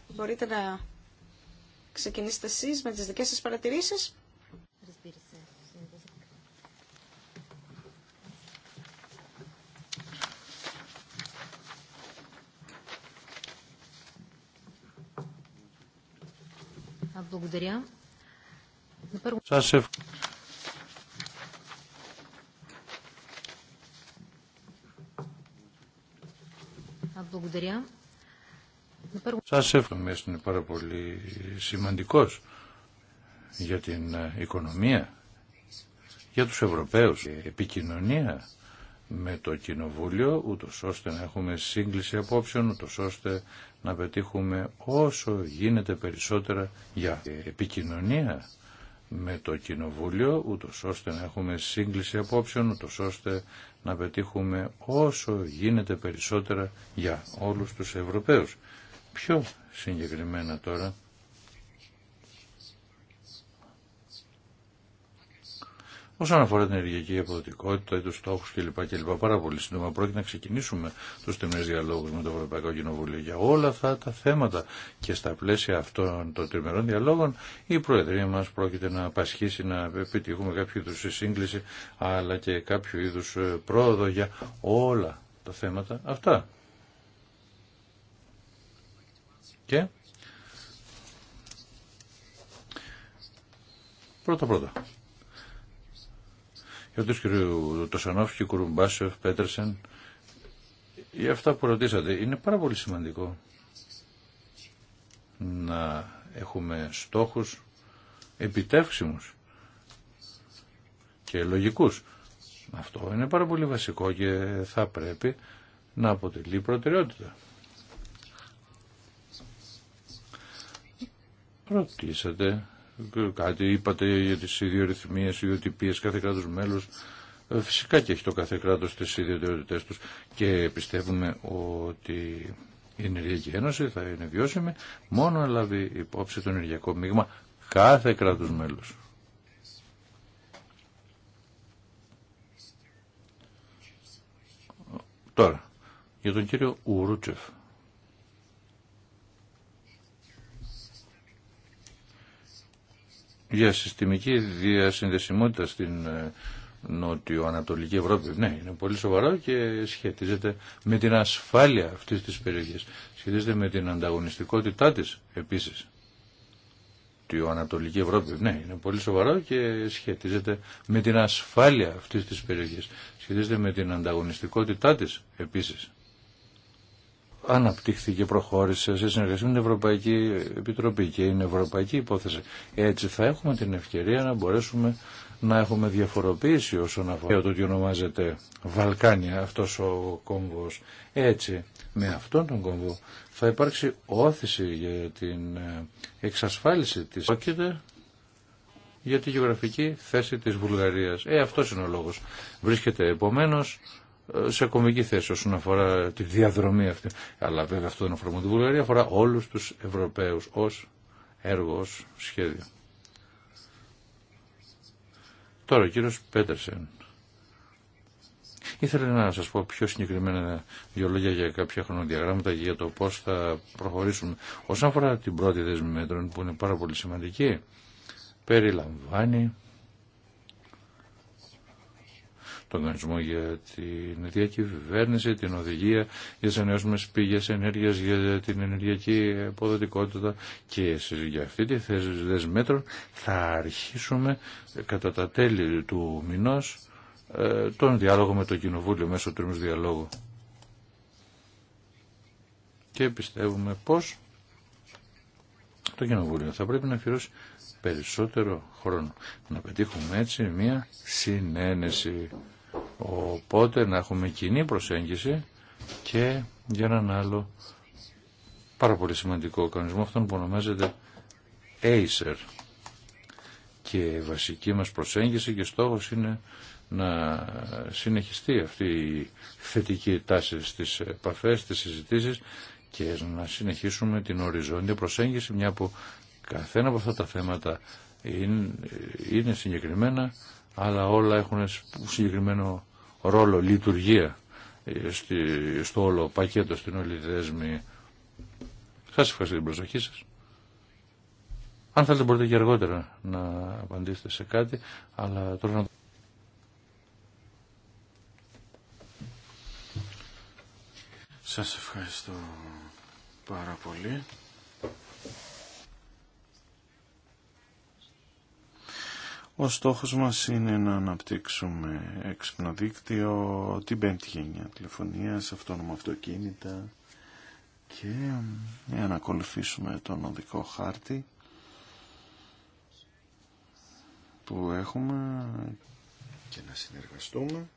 Μπορείτε να ξεκινήσετε εσείς με τις δικές σας παρατηρήσεις. Σας ευχαριστώ. Σας
εύχομαι, είναι πάρα πολύ σημαντικός για την οικονομία, για τους Ευρωπαίους, επικοινωνία με το Κοινοβούλιο, ούτως ώστε να έχουμε σύγκληση απόψεων, ούτως ώστε να πετύχουμε όσο γίνεται περισσότερα για επικοινωνία με το Κοινοβούλιο, ούτω ώστε να έχουμε σύγκληση απόψεων, ούτω ώστε να πετύχουμε όσο γίνεται περισσότερα για όλους τους Ευρωπαίους. Πιο συγκεκριμένα τώρα, Όσον αφορά την ενεργειακή αποδοτικότητα ή του στόχου κλπ. κλπ. Πάρα πολύ σύντομα πρόκειται να ξεκινήσουμε του τεμνέ διαλόγου με το Ευρωπαϊκό Κοινοβούλιο για όλα αυτά τα θέματα. Και στα πλαίσια αυτών των τριμερών διαλόγων η Προεδρία μα πρόκειται να απασχίσει να επιτυχούμε κάποιο είδου σύγκληση αλλά και κάποιο είδου ε, πρόοδο για όλα τα θέματα αυτά. Και πρώτα πρώτα Ερωτήσεις κ. Τωσανόφσκι, Κουρουμπάσεφ, Πέτερσεν. Για αυτά που ρωτήσατε, είναι πάρα πολύ σημαντικό να έχουμε στόχους επιτεύξιμους και λογικούς. Αυτό είναι πάρα πολύ βασικό και θα πρέπει να αποτελεί προτεραιότητα. Ρωτήσατε κάτι είπατε για τις ιδιορυθμίες, ιδιοτυπίες κάθε κράτος μέλος. Ε, φυσικά και έχει το κάθε κράτος τις ιδιωτερότητές τους και πιστεύουμε ότι η Ενεργειακή Ένωση θα είναι βιώσιμη μόνο να λάβει υπόψη το ενεργειακό μείγμα κάθε κράτος μέλος. Τώρα, για τον κύριο Ουρούτσεφ. για συστημική διασυνδεσιμότητα στην ε, νότιο-ανατολική Ευρώπη. Ναι, είναι πολύ σοβαρό και σχετίζεται με την ασφάλεια αυτής της περιοχής. Σχετίζεται με την ανταγωνιστικότητά της επίσης. Το Ανατολική Ευρώπη, ναι, είναι πολύ σοβαρό και σχετίζεται με την ασφάλεια αυτής της περιοχής. Σχετίζεται με την ανταγωνιστικότητά της επίσης αναπτύχθηκε, προχώρησε σε συνεργασία με την Ευρωπαϊκή Επιτροπή και είναι ευρωπαϊκή υπόθεση. Έτσι θα έχουμε την ευκαιρία να μπορέσουμε να έχουμε διαφοροποίηση όσον αφορά το ότι ονομάζεται Βαλκάνια αυτός ο κόμβος. Έτσι, με αυτόν τον κόμβο θα υπάρξει όθηση για την ε, εξασφάλιση της πρόκειται για τη γεωγραφική θέση της Βουλγαρίας. Ε, αυτός είναι ο λόγος. Βρίσκεται επομένως σε κομική θέση όσον αφορά τη διαδρομή αυτή. Αλλά βέβαια αυτό δεν αφορά μόνο την Βουλγαρία, αφορά όλους τους Ευρωπαίους ως έργο, ως σχέδιο. Τώρα ο κύριος Πέτερσεν. Ήθελα να σας πω πιο συγκεκριμένα δύο λόγια για κάποια χρονοδιαγράμματα και για το πώς θα προχωρήσουμε. Όσον αφορά την πρώτη δέσμη μέτρων που είναι πάρα πολύ σημαντική, περιλαμβάνει τον κανονισμό για την διακυβέρνηση, την οδηγία για τι ανανεώσιμε πηγέ ενέργεια, για την ενεργειακή αποδοτικότητα και για αυτή τη θέση μέτρων θα αρχίσουμε κατά τα τέλη του μηνό ε, τον διάλογο με το Κοινοβούλιο μέσω τρίμου διαλόγου. Και πιστεύουμε πως το Κοινοβούλιο θα πρέπει να αφιερώσει περισσότερο χρόνο. Να πετύχουμε έτσι μια συνένεση. Οπότε να έχουμε κοινή προσέγγιση και για έναν άλλο πάρα πολύ σημαντικό οργανισμό αυτόν που ονομάζεται Acer. Και βασική μας προσέγγιση και στόχος είναι να συνεχιστεί αυτή η θετική τάση στις επαφές, στις συζητήσεις και να συνεχίσουμε την οριζόντια προσέγγιση μια που καθένα από αυτά τα θέματα είναι, είναι συγκεκριμένα αλλά όλα έχουν συγκεκριμένο ρόλο λειτουργία ε, στο όλο πακέτο, στην όλη δέσμη. Σας ευχαριστώ την προσοχή σας. Αν θέλετε μπορείτε και αργότερα να απαντήσετε σε κάτι, αλλά τώρα να...
Σας ευχαριστώ πάρα πολύ. Ο στόχος μας είναι να αναπτύξουμε έξυπνο δίκτυο, την πέμπτη γενιά τηλεφωνίας, αυτόνομα αυτοκίνητα και να ακολουθήσουμε τον οδικό χάρτη που έχουμε και να συνεργαστούμε.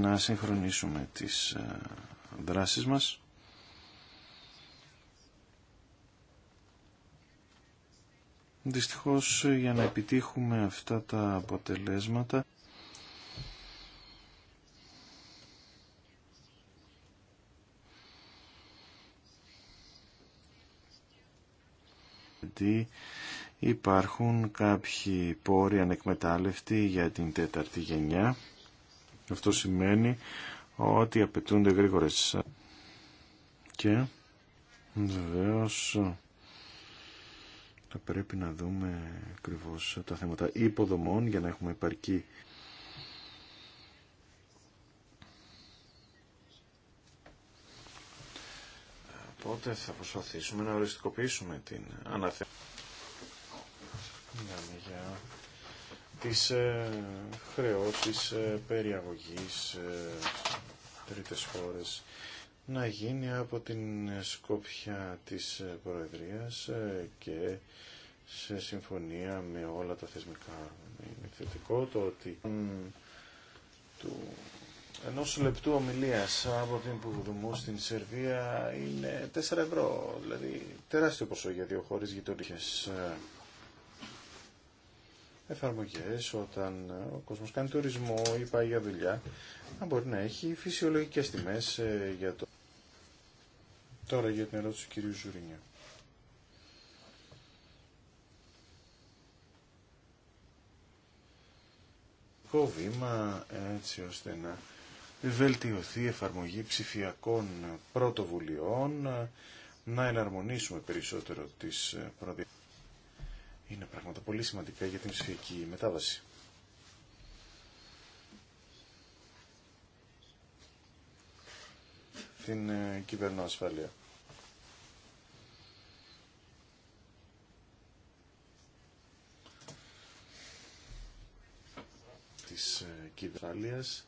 Να συγχρονίσουμε τις ε, δράσεις μας Δυστυχώς για να επιτύχουμε αυτά τα αποτελέσματα γιατί υπάρχουν κάποιοι πόροι ανεκμετάλλευτοι για την τέταρτη γενιά. Αυτό σημαίνει ότι απαιτούνται γρήγορες και βεβαίως θα πρέπει να δούμε ακριβώ τα θέματα υποδομών για να έχουμε επαρκή Οπότε θα προσπαθήσουμε να οριστικοποιήσουμε την αναθέτηση για τις ε, χρεώσεις ε, περιαγωγής ε, τρίτες χώρες να γίνει από την σκόπια της Προεδρίας ε, και σε συμφωνία με όλα τα θεσμικά. Είναι θετικό το ότι του ενός λεπτού ομιλίας από την Πουδουμού στην Σερβία είναι 4 ευρώ, δηλαδή τεράστιο ποσό για δύο χώρε γειτονικέ ε, εφαρμογές όταν ο κόσμος κάνει τουρισμό ή πάει για δουλειά να μπορεί να έχει φυσιολογικές τιμέ ε, για το Τώρα για την ερώτηση του κυρίου Ζουρινιά. βήμα έτσι ώστε να βελτιωθεί η εφαρμογή ψηφιακών πρωτοβουλειών, να εναρμονίσουμε περισσότερο τις προδιαγραφές. Είναι πράγματα πολύ σημαντικά για την ψηφιακή μετάβαση. Την ε, κυβερνοασφάλεια. της ε, κυβερνάλειας.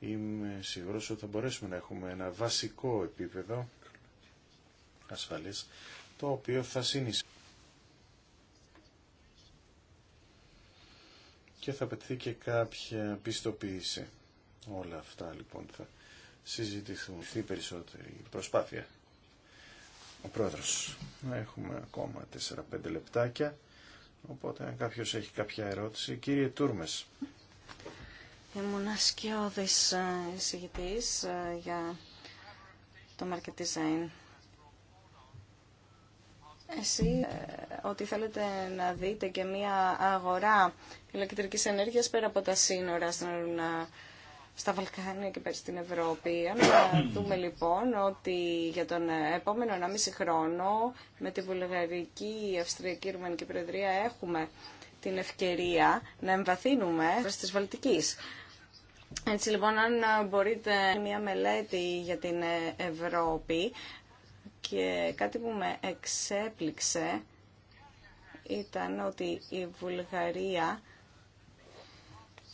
Είμαι σίγουρος ότι θα μπορέσουμε να έχουμε ένα βασικό επίπεδο ασφαλής, το οποίο θα συνεισφέρει. Και θα απαιτηθεί και κάποια πιστοποίηση. Όλα αυτά λοιπόν θα συζητηθούν. περισσότερη προσπάθεια. Ο πρόεδρος. Έχουμε ακόμα 4-5 λεπτάκια. Οπότε αν κάποιος έχει κάποια ερώτηση. Κύριε Τούρμες.
Ήμουν ασκιώδης ε, εισηγητής ε, για το market design. Εσύ ε, ότι θέλετε να δείτε και μια αγορά ηλεκτρικής ενέργειας πέρα από τα σύνορα στα Βαλκάνια και πέρα στην Ευρώπη. Να δούμε λοιπόν ότι για τον επόμενο 1,5 χρόνο με τη Βουλγαρική, Αυστριακή, Ρουμανική Προεδρία έχουμε την ευκαιρία να εμβαθύνουμε στις Βαλτικής. Έτσι λοιπόν, αν ε, μπορείτε μια μελέτη για την ε, Ευρώπη και κάτι που με εξέπληξε ήταν ότι η Βουλγαρία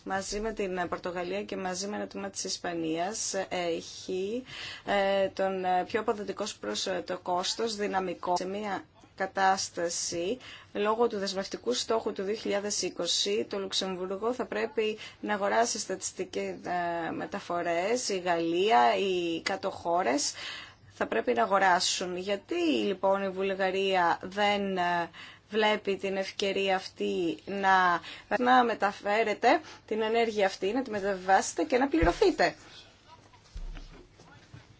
μαζί με την Πορτογαλία και μαζί με ένα τμήμα της Ισπανίας έχει ε, τον πιο αποδοτικό προς το κόστος δυναμικό κατάσταση λόγω του δεσμευτικού στόχου του 2020 το Λουξεμβουργό θα πρέπει να αγοράσει στατιστικές ε, μεταφορές, η Γαλλία, οι κάτω χώρες θα πρέπει να αγοράσουν. Γιατί λοιπόν η Βουλγαρία δεν ε, βλέπει την ευκαιρία αυτή να, να μεταφέρετε την ενέργεια αυτή, να τη μεταβάσετε και να πληρωθείτε.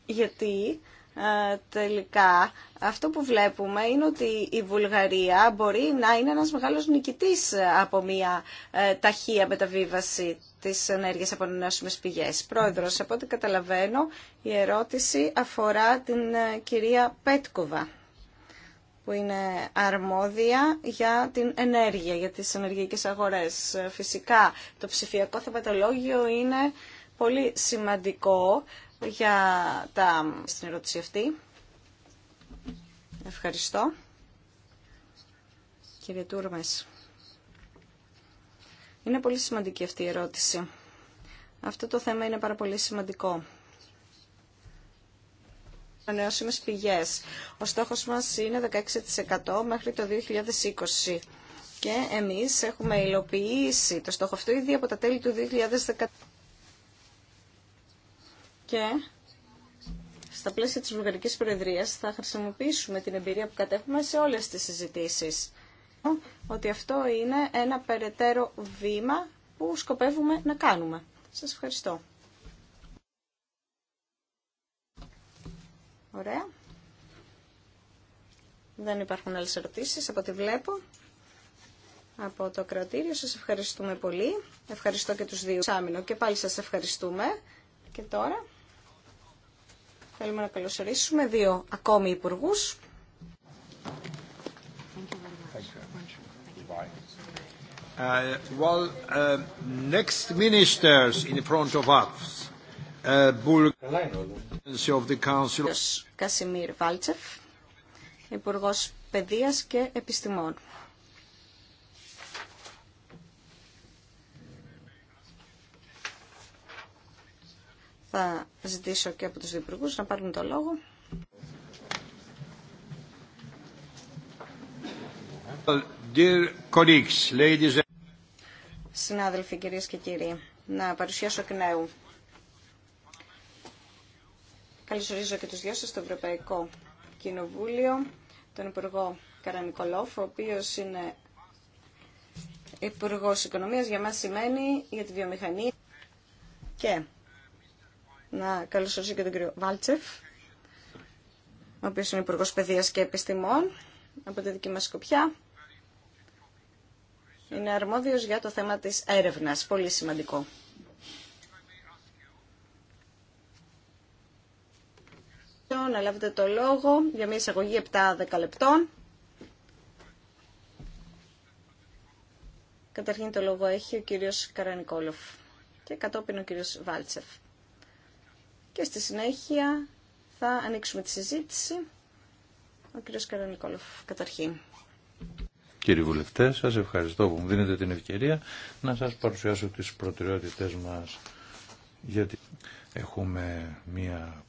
Γιατί ε, τελικά αυτό που βλέπουμε είναι ότι η Βουλγαρία μπορεί να είναι ένας μεγάλος νικητής από μια ε, ταχεία μεταβίβαση της ενέργειας από ανανεώσιμες πηγές. Πρόεδρος, από ό,τι καταλαβαίνω, η ερώτηση αφορά την ε, κυρία Πέτκοβα που είναι αρμόδια για την ενέργεια, για τις ενεργειακές αγορές. Φυσικά, το ψηφιακό θεματολόγιο είναι πολύ σημαντικό για τα... στην ερώτηση αυτή. Ευχαριστώ. Κύριε Τούρμες, είναι πολύ σημαντική αυτή η ερώτηση. Αυτό το θέμα είναι πάρα πολύ σημαντικό. Ανανεώσιμε πηγέ. Ο στόχος μας είναι 16% μέχρι το 2020. Και εμείς έχουμε υλοποιήσει το στόχο αυτό ήδη από τα τέλη του 2014 και στα πλαίσια της Βουλγαρικής Προεδρίας θα χρησιμοποιήσουμε την εμπειρία που κατέχουμε σε όλες τις συζητήσεις. Ότι αυτό είναι ένα περαιτέρω βήμα που σκοπεύουμε να κάνουμε. Σας ευχαριστώ. Ωραία. Δεν υπάρχουν άλλες ερωτήσεις από ό,τι βλέπω. Από το κρατήριο σας ευχαριστούμε πολύ. Ευχαριστώ και τους δύο. Σάμινο και πάλι σας ευχαριστούμε. Και τώρα... Θέλουμε να καλωσορίσουμε δύο ακόμη υπουργού.
Uh, well, uh, next ministers in front of us, uh, of the Council.
Κασιμίρ Βάλτσεφ, Υπουργός Παιδείας και Επιστημών. Θα ζητήσω και από τους υπουργού, να πάρουν το λόγο. Συνάδελφοι, κυρίες και κύριοι, να παρουσιάσω εκ νέου. Καλωσορίζω και τους δυο σας στο Ευρωπαϊκό Κοινοβούλιο, τον Υπουργό Καρανικολόφ, ο οποίος είναι υπουργός Οικονομίας, για μας σημαίνει για τη βιομηχανία και να καλωσορίσω και τον κύριο Βάλτσεφ, ο οποίο είναι υπουργό Παιδεία και Επιστημών από τη δική μα σκοπιά. Είναι αρμόδιο για το θέμα τη έρευνα. πολύ σημαντικό. Να λάβετε το λόγο για μια εισαγωγή 7-10 λεπτών. Καταρχήν το λόγο έχει ο κύριος Καρανικόλοφ και κατόπιν ο κύριος Βάλτσεφ και στη συνέχεια θα ανοίξουμε τη συζήτηση. Ο κύριος Καρανικόλοφ, καταρχήν.
Κύριοι βουλευτές, σας ευχαριστώ που μου δίνετε την ευκαιρία να σας παρουσιάσω τις προτεραιότητες μας γιατί έχουμε μία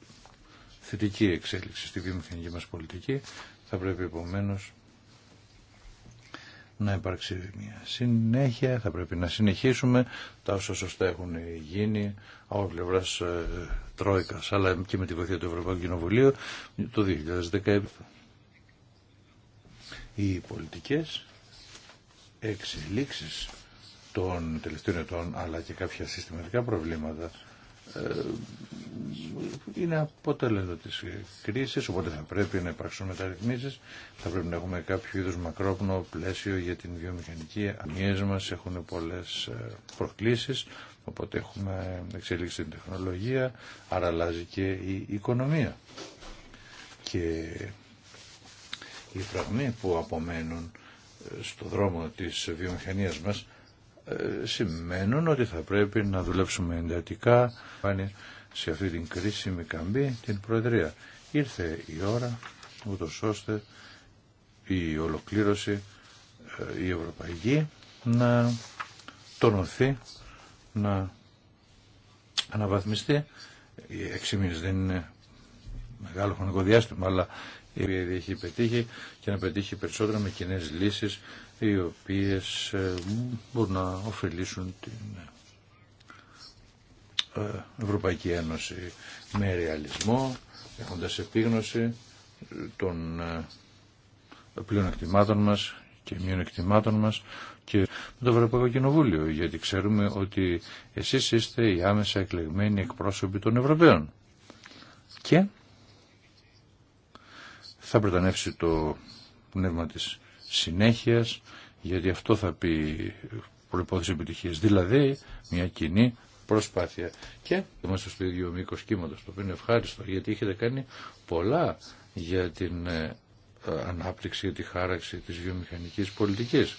θετική εξέλιξη στη βιομηχανική μας πολιτική. Θα πρέπει επομένως να υπάρξει μια συνέχεια, θα πρέπει να συνεχίσουμε τα όσα σωστά έχουν γίνει από πλευρά ε, Τρόικα, αλλά και με τη βοήθεια του Ευρωπαϊκού Κοινοβουλίου το 2017. Οι πολιτικές εξελίξεις των τελευταίων ετών αλλά και κάποια συστηματικά προβλήματα ε, είναι αποτέλεσμα της κρίσης, οπότε θα πρέπει να υπάρξουν μεταρρυθμίσεις, θα πρέπει να έχουμε κάποιο είδους μακρόπνο πλαίσιο για την βιομηχανική. Αμοιές μας έχουν πολλές ε, προκλήσεις, οπότε έχουμε εξέλιξη την τεχνολογία, άρα αλλάζει και η οικονομία. Και οι φραγμοί που απομένουν ε, στο δρόμο της βιομηχανίας μας ε, σημαίνουν ότι θα πρέπει να δουλέψουμε εντατικά σε αυτή την κρίσιμη καμπή την Προεδρία. Ήρθε η ώρα ούτω ώστε η ολοκλήρωση ε, η Ευρωπαϊκή να τονωθεί, να αναβαθμιστεί. Οι έξι δεν είναι μεγάλο χρονικό διάστημα, αλλά η έχει πετύχει και να πετύχει περισσότερα με κοινέ λύσεις οι οποίες ε, μπορούν να ωφελήσουν την ε, Ευρωπαϊκή Ένωση με ρεαλισμό, έχοντας επίγνωση των ε, εκτιμάτων μας και εκτιμάτων μας και με το Ευρωπαϊκό Κοινοβούλιο, γιατί ξέρουμε ότι εσείς είστε οι άμεσα εκλεγμένοι εκπρόσωποι των Ευρωπαίων. Και θα πρετανεύσει το πνεύμα της συνέχειας, γιατί αυτό θα πει προϋπόθεση επιτυχίας, δηλαδή μια κοινή προσπάθεια. Και είμαστε στο ίδιο μήκο κύματο, το οποίο είναι ευχάριστο, γιατί έχετε κάνει πολλά για την ε, ανάπτυξη, και τη χάραξη της βιομηχανικής πολιτικής.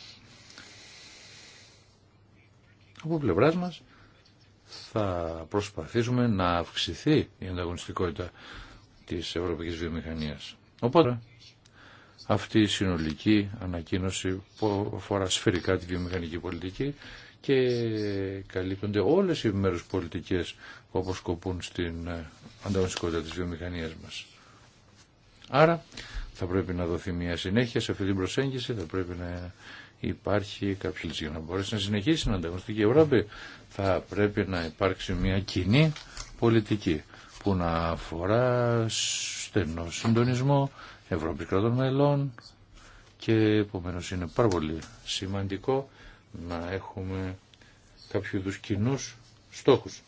Από πλευρά μας θα προσπαθήσουμε να αυξηθεί η ανταγωνιστικότητα της ευρωπαϊκής βιομηχανίας. Οπότε αυτή η συνολική ανακοίνωση που αφορά σφαιρικά τη βιομηχανική πολιτική και καλύπτονται όλες οι μέρους πολιτικές που αποσκοπούν στην ε, ανταγωνιστικότητα της βιομηχανίας μας. Άρα θα πρέπει να δοθεί μια συνέχεια σε αυτή την προσέγγιση, θα πρέπει να υπάρχει λύση για να μπορέσει να συνεχίσει να ανταγωνιστική η Ευρώπη, θα πρέπει να υπάρξει μια κοινή πολιτική που να αφορά στενό συντονισμό Ευρώπης κρατών μελών και επομένως είναι πάρα πολύ σημαντικό να έχουμε κάποιου είδου κοινού στόχους.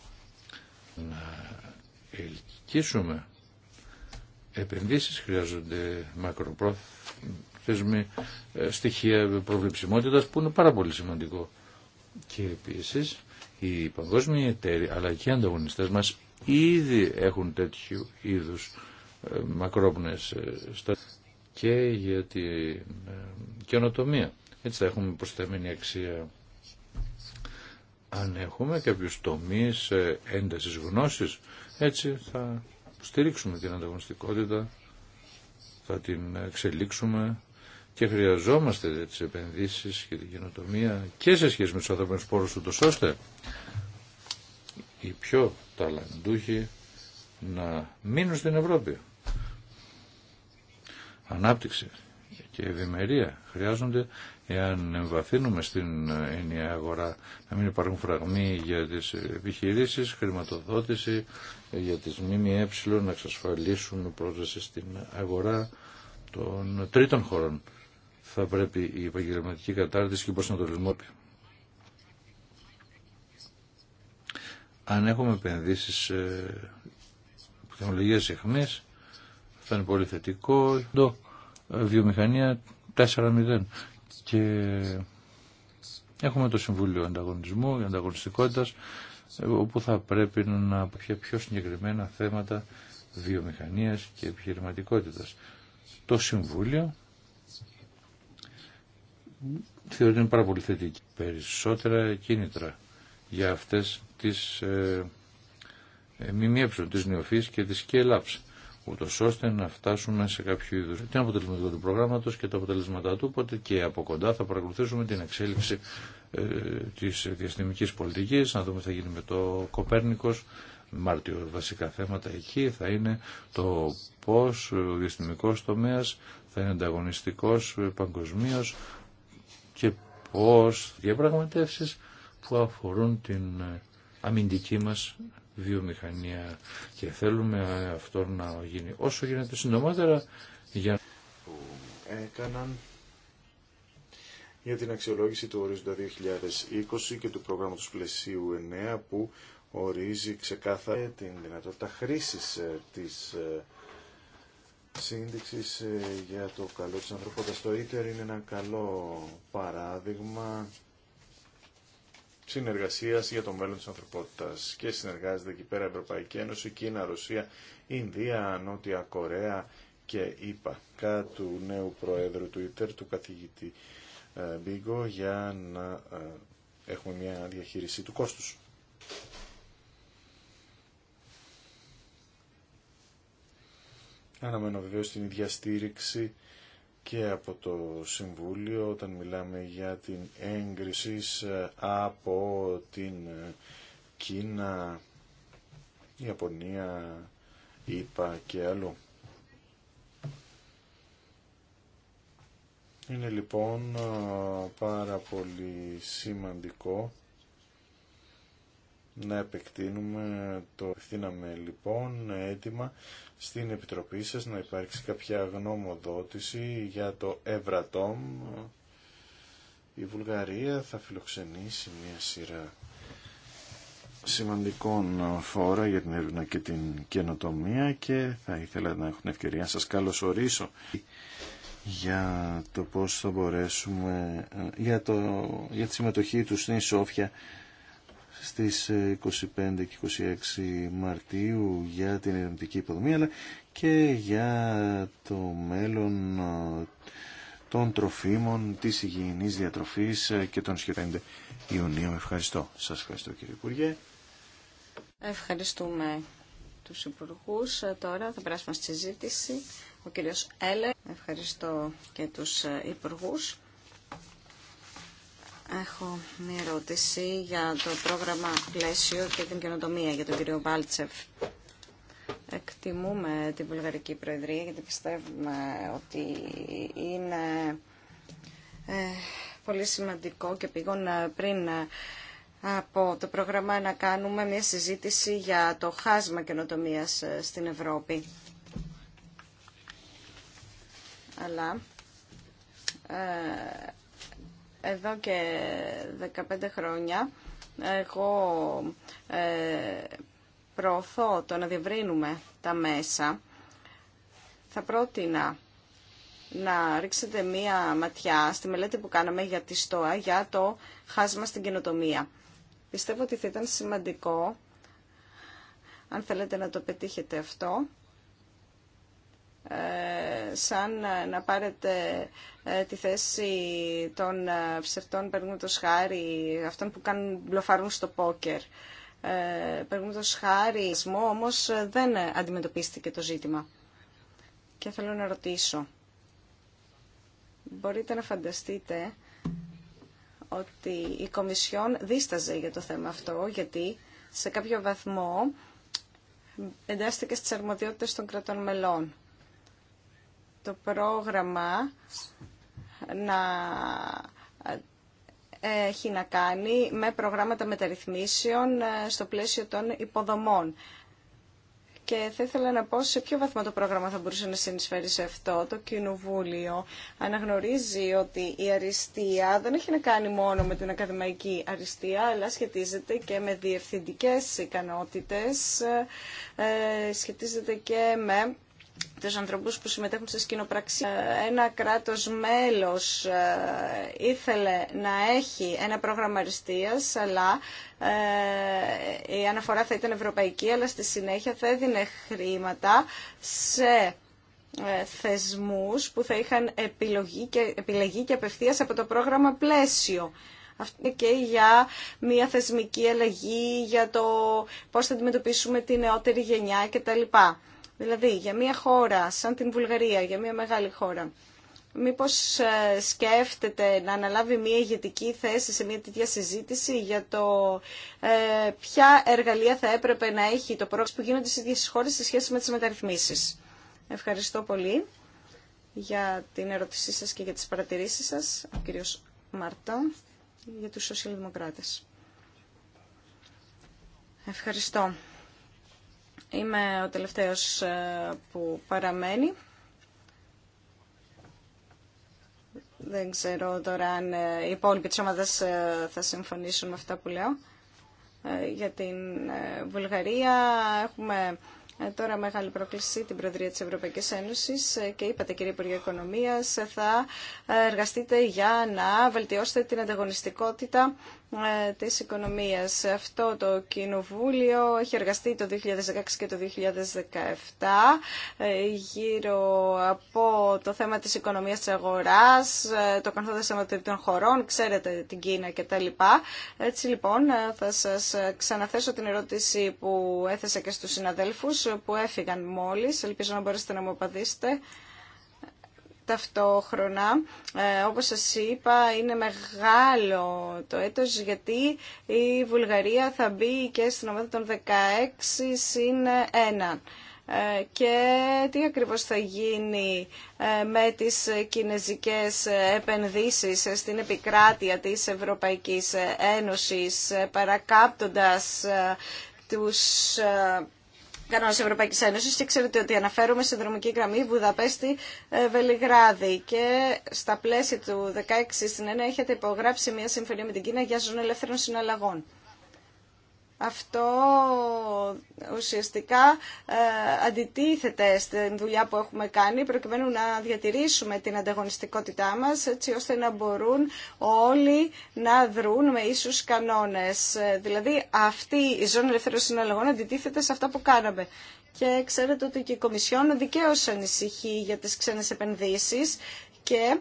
Να ελκύσουμε επενδύσεις χρειάζονται μακροπρόθεσμοι ε, στοιχεία προβλεψιμότητας που είναι πάρα πολύ σημαντικό. Και επίσης οι παγκόσμιοι εταίροι αλλά και οι ανταγωνιστές μας ήδη έχουν τέτοιου είδους μακρόπνες ε, και για την ε, καινοτομία. Έτσι θα έχουμε προσθεμένη αξία. Αν έχουμε κάποιους τομείς ε, έντασης γνώσης, έτσι θα στηρίξουμε την ανταγωνιστικότητα, θα την εξελίξουμε και χρειαζόμαστε τις επενδύσεις και την καινοτομία και σε σχέση με τους ανθρώπινους πόρους του ώστε οι πιο ταλαντούχοι να μείνουν στην Ευρώπη ανάπτυξη και ευημερία χρειάζονται εάν εμβαθύνουμε στην ενιαία αγορά να μην υπάρχουν φραγμοί για τις επιχειρήσεις, χρηματοδότηση για τις ΜΜΕ να εξασφαλίσουν πρόσβαση στην αγορά των τρίτων χωρών θα πρέπει η επαγγελματική κατάρτιση και η Αν έχουμε επενδύσεις σε τεχνολογίες ήταν πολύ θετικό. Το ε, βιομηχανία 4-0. Και έχουμε το Συμβούλιο Ανταγωνισμού και Ανταγωνιστικότητας ε, όπου θα πρέπει να αποφύγει πιο συγκεκριμένα θέματα βιομηχανίας και επιχειρηματικότητας. Το Συμβούλιο θεωρεί είναι πάρα πολύ θετική. Περισσότερα κίνητρα για αυτές τις ε, ε, μη και τις κελάψης ούτω ώστε να φτάσουμε σε κάποιο είδου την αποτελεσματικότητα του προγράμματο και τα αποτελέσματά του. Οπότε και από κοντά θα παρακολουθήσουμε την εξέλιξη ε, τη διαστημική πολιτική, να δούμε τι θα γίνει με το Κοπέρνικο. Μάρτιο βασικά θέματα εκεί θα είναι το πώς ο διαστημικός τομέας θα είναι ανταγωνιστικός ε, παγκοσμίω και πώς διαπραγματεύσεις που αφορούν την ε, αμυντική μας βιομηχανία και θέλουμε αυτό να γίνει όσο γίνεται συντομότερα για
έκαναν για την αξιολόγηση του ορίζοντα 2020 και του προγράμματος πλαισίου 9 που ορίζει ξεκάθαρα την δυνατότητα χρήσης ε, της ε, σύνδεξης ε, για το καλό της ανθρωπότητας. Το ITER είναι ένα καλό παράδειγμα συνεργασίας για το μέλλον τη ανθρωπότητας και συνεργάζεται εκεί πέρα Ευρωπαϊκή Ένωση, Κίνα, Ρωσία, Ινδία, Νότια Κορέα και ΙΠΑ κάτω του νέου Προέδρου του ΙΤΕΡ, του καθηγητή ε, Μπίγκο, για να ε, έχουμε μια διαχείριση του κόστους. Αναμένω βεβαίως την ίδια στήριξη και από το Συμβούλιο όταν μιλάμε για την έγκριση από την ε, Κίνα, Ιαπωνία, ΙΠΑ και αλλού. Είναι λοιπόν ε, πάρα πολύ σημαντικό να επεκτείνουμε το ευθύναμε λοιπόν έτοιμα στην Επιτροπή σας να υπάρξει κάποια γνωμοδότηση για το ΕΒΡΑΤΟΜ Η Βουλγαρία θα φιλοξενήσει μια σειρά σημαντικών φόρα για την έρευνα και την καινοτομία και θα ήθελα να έχουν ευκαιρία να σας καλωσορίσω για το πώς θα μπορέσουμε ε, για, το, για τη συμμετοχή του στην Σόφια στις 25 ε, και 26 Μαρτίου για την ερευνητική υποδομή αλλά και για το μέλλον ε, των τροφίμων, της υγιεινής διατροφής ε, και των 25 Ιουνίου. Ευχαριστώ. Σας ευχαριστώ κύριε
Υπουργέ. Ευχαριστούμε τους υπουργούς. Τώρα θα περάσουμε στη συζήτηση. Ο κύριος Έλε. Ευχαριστώ και τους υπουργούς. Έχω μια ερώτηση για το πρόγραμμα πλαίσιο και την καινοτομία για τον κύριο Βάλτσεφ. Εκτιμούμε την Βουλγαρική Προεδρία γιατί πιστεύουμε ότι είναι ε, πολύ σημαντικό και πήγον ε, πριν ε, από το πρόγραμμα να κάνουμε μια συζήτηση για το χάσμα καινοτομίας στην Ευρώπη. Αλλά εδώ και 15 χρόνια εγώ ε, προωθώ το να διευρύνουμε τα μέσα. Θα πρότεινα να ρίξετε μία ματιά στη μελέτη που κάναμε για τη ΣΤΟΑ για το χάσμα στην καινοτομία. Πιστεύω ότι θα ήταν σημαντικό, αν θέλετε να το πετύχετε αυτό, ε, σαν ε, να πάρετε ε, τη θέση των ψευτών, το χάρη, αυτών που κάνουν μπλοφαρούν στο πόκερ. Ε, χάρη χάρη, όμω δεν αντιμετωπίστηκε το ζήτημα. Και θέλω να ρωτήσω. Μπορείτε να φανταστείτε ότι η Κομισιόν δίσταζε για το θέμα αυτό, γιατί σε κάποιο βαθμό εντάστηκε στις αρμοδιότητες των κρατών μελών το πρόγραμμα να ε, έχει να κάνει με προγράμματα μεταρρυθμίσεων ε, στο πλαίσιο των υποδομών. Και θα ήθελα να πω σε ποιο βαθμό το πρόγραμμα θα μπορούσε να συνεισφέρει σε αυτό. Το Κοινοβούλιο αναγνωρίζει ότι η αριστεία δεν έχει να κάνει μόνο με την ακαδημαϊκή αριστεία, αλλά σχετίζεται και με διευθυντικές ικανότητες, ε, σχετίζεται και με τους ανθρώπους που συμμετέχουν σε σκηνοπραξία. Ένα κράτος μέλος ε, ήθελε να έχει ένα πρόγραμμα αριστείας, αλλά ε, η αναφορά θα ήταν ευρωπαϊκή, αλλά στη συνέχεια θα έδινε χρήματα σε ε, θεσμούς που θα είχαν επιλογή και, επιλεγεί και απευθείας από το πρόγραμμα πλαίσιο. Αυτό και για μια θεσμική αλλαγή, για το πώς θα αντιμετωπίσουμε τη νεότερη γενιά κτλ. Δηλαδή, για μια χώρα σαν την Βουλγαρία, για μια μεγάλη χώρα, μήπως ε, σκέφτεται να αναλάβει μια ηγετική θέση σε μια τέτοια συζήτηση για το ε, ποια εργαλεία θα έπρεπε να έχει το πρόγραμμα που γίνονται στις ίδιες χώρες σε σχέση με τις μεταρρυθμίσεις. Ευχαριστώ πολύ για την ερώτησή σας και για τις παρατηρήσεις σας, ο κύριος Μαρτά, για τους σοσιαλδημοκράτες. Ευχαριστώ. Είμαι ο τελευταίος ε, που παραμένει. Δεν ξέρω τώρα αν ε, οι υπόλοιποι της ομάδας ε, θα συμφωνήσουν με αυτά που λέω. Για την Βουλγαρία έχουμε τώρα μεγάλη πρόκληση την Προεδρία της Ευρωπαϊκής Ένωσης και είπατε κύριε Υπουργέ Οικονομίας θα εργαστείτε για να βελτιώσετε την ανταγωνιστικότητα ε, της οικονομίας. Αυτό το κοινοβούλιο έχει εργαστεί το 2016 και το 2017 ε, γύρω από το θέμα της οικονομίας της αγοράς, ε, το καθόδες των χωρών, ξέρετε την Κίνα κτλ. Έτσι λοιπόν θα σας ξαναθέσω την ερώτηση που έθεσα και στους συναδέλφους που έφυγαν μόλις. Ελπίζω να μπορέσετε να μου απαντήσετε. Ταυτόχρονα, ε, όπως σας είπα, είναι μεγάλο το έτος γιατί η Βουλγαρία θα μπει και στην ομάδα των 16 συν 1 ε, και τι ακριβώς θα γίνει ε, με τις κινέζικες επενδύσεις στην επικράτεια της Ευρωπαϊκής Ένωσης παρακάπτοντας τους κανόνες Ευρωπαϊκή Ένωση, και ξέρετε ότι αναφέρομαι σε δρομική γραμμή Βουδαπέστη ε, Βελιγράδη και στα πλαίσια του 16 στην 1 έχετε υπογράψει μια συμφωνία με την Κίνα για ζώνη ελεύθερων συναλλαγών. Αυτό ουσιαστικά ε, αντιτίθεται στην δουλειά που έχουμε κάνει προκειμένου να διατηρήσουμε την ανταγωνιστικότητά μας έτσι ώστε να μπορούν όλοι να δρούν με ίσους κανόνες. Ε, δηλαδή αυτή η ζώνη ελεύθερων συναλλαγών αντιτίθεται σε αυτά που κάναμε. Και ξέρετε ότι και η Κομισιόν δικαίως ανησυχεί για τις ξένες επενδύσεις και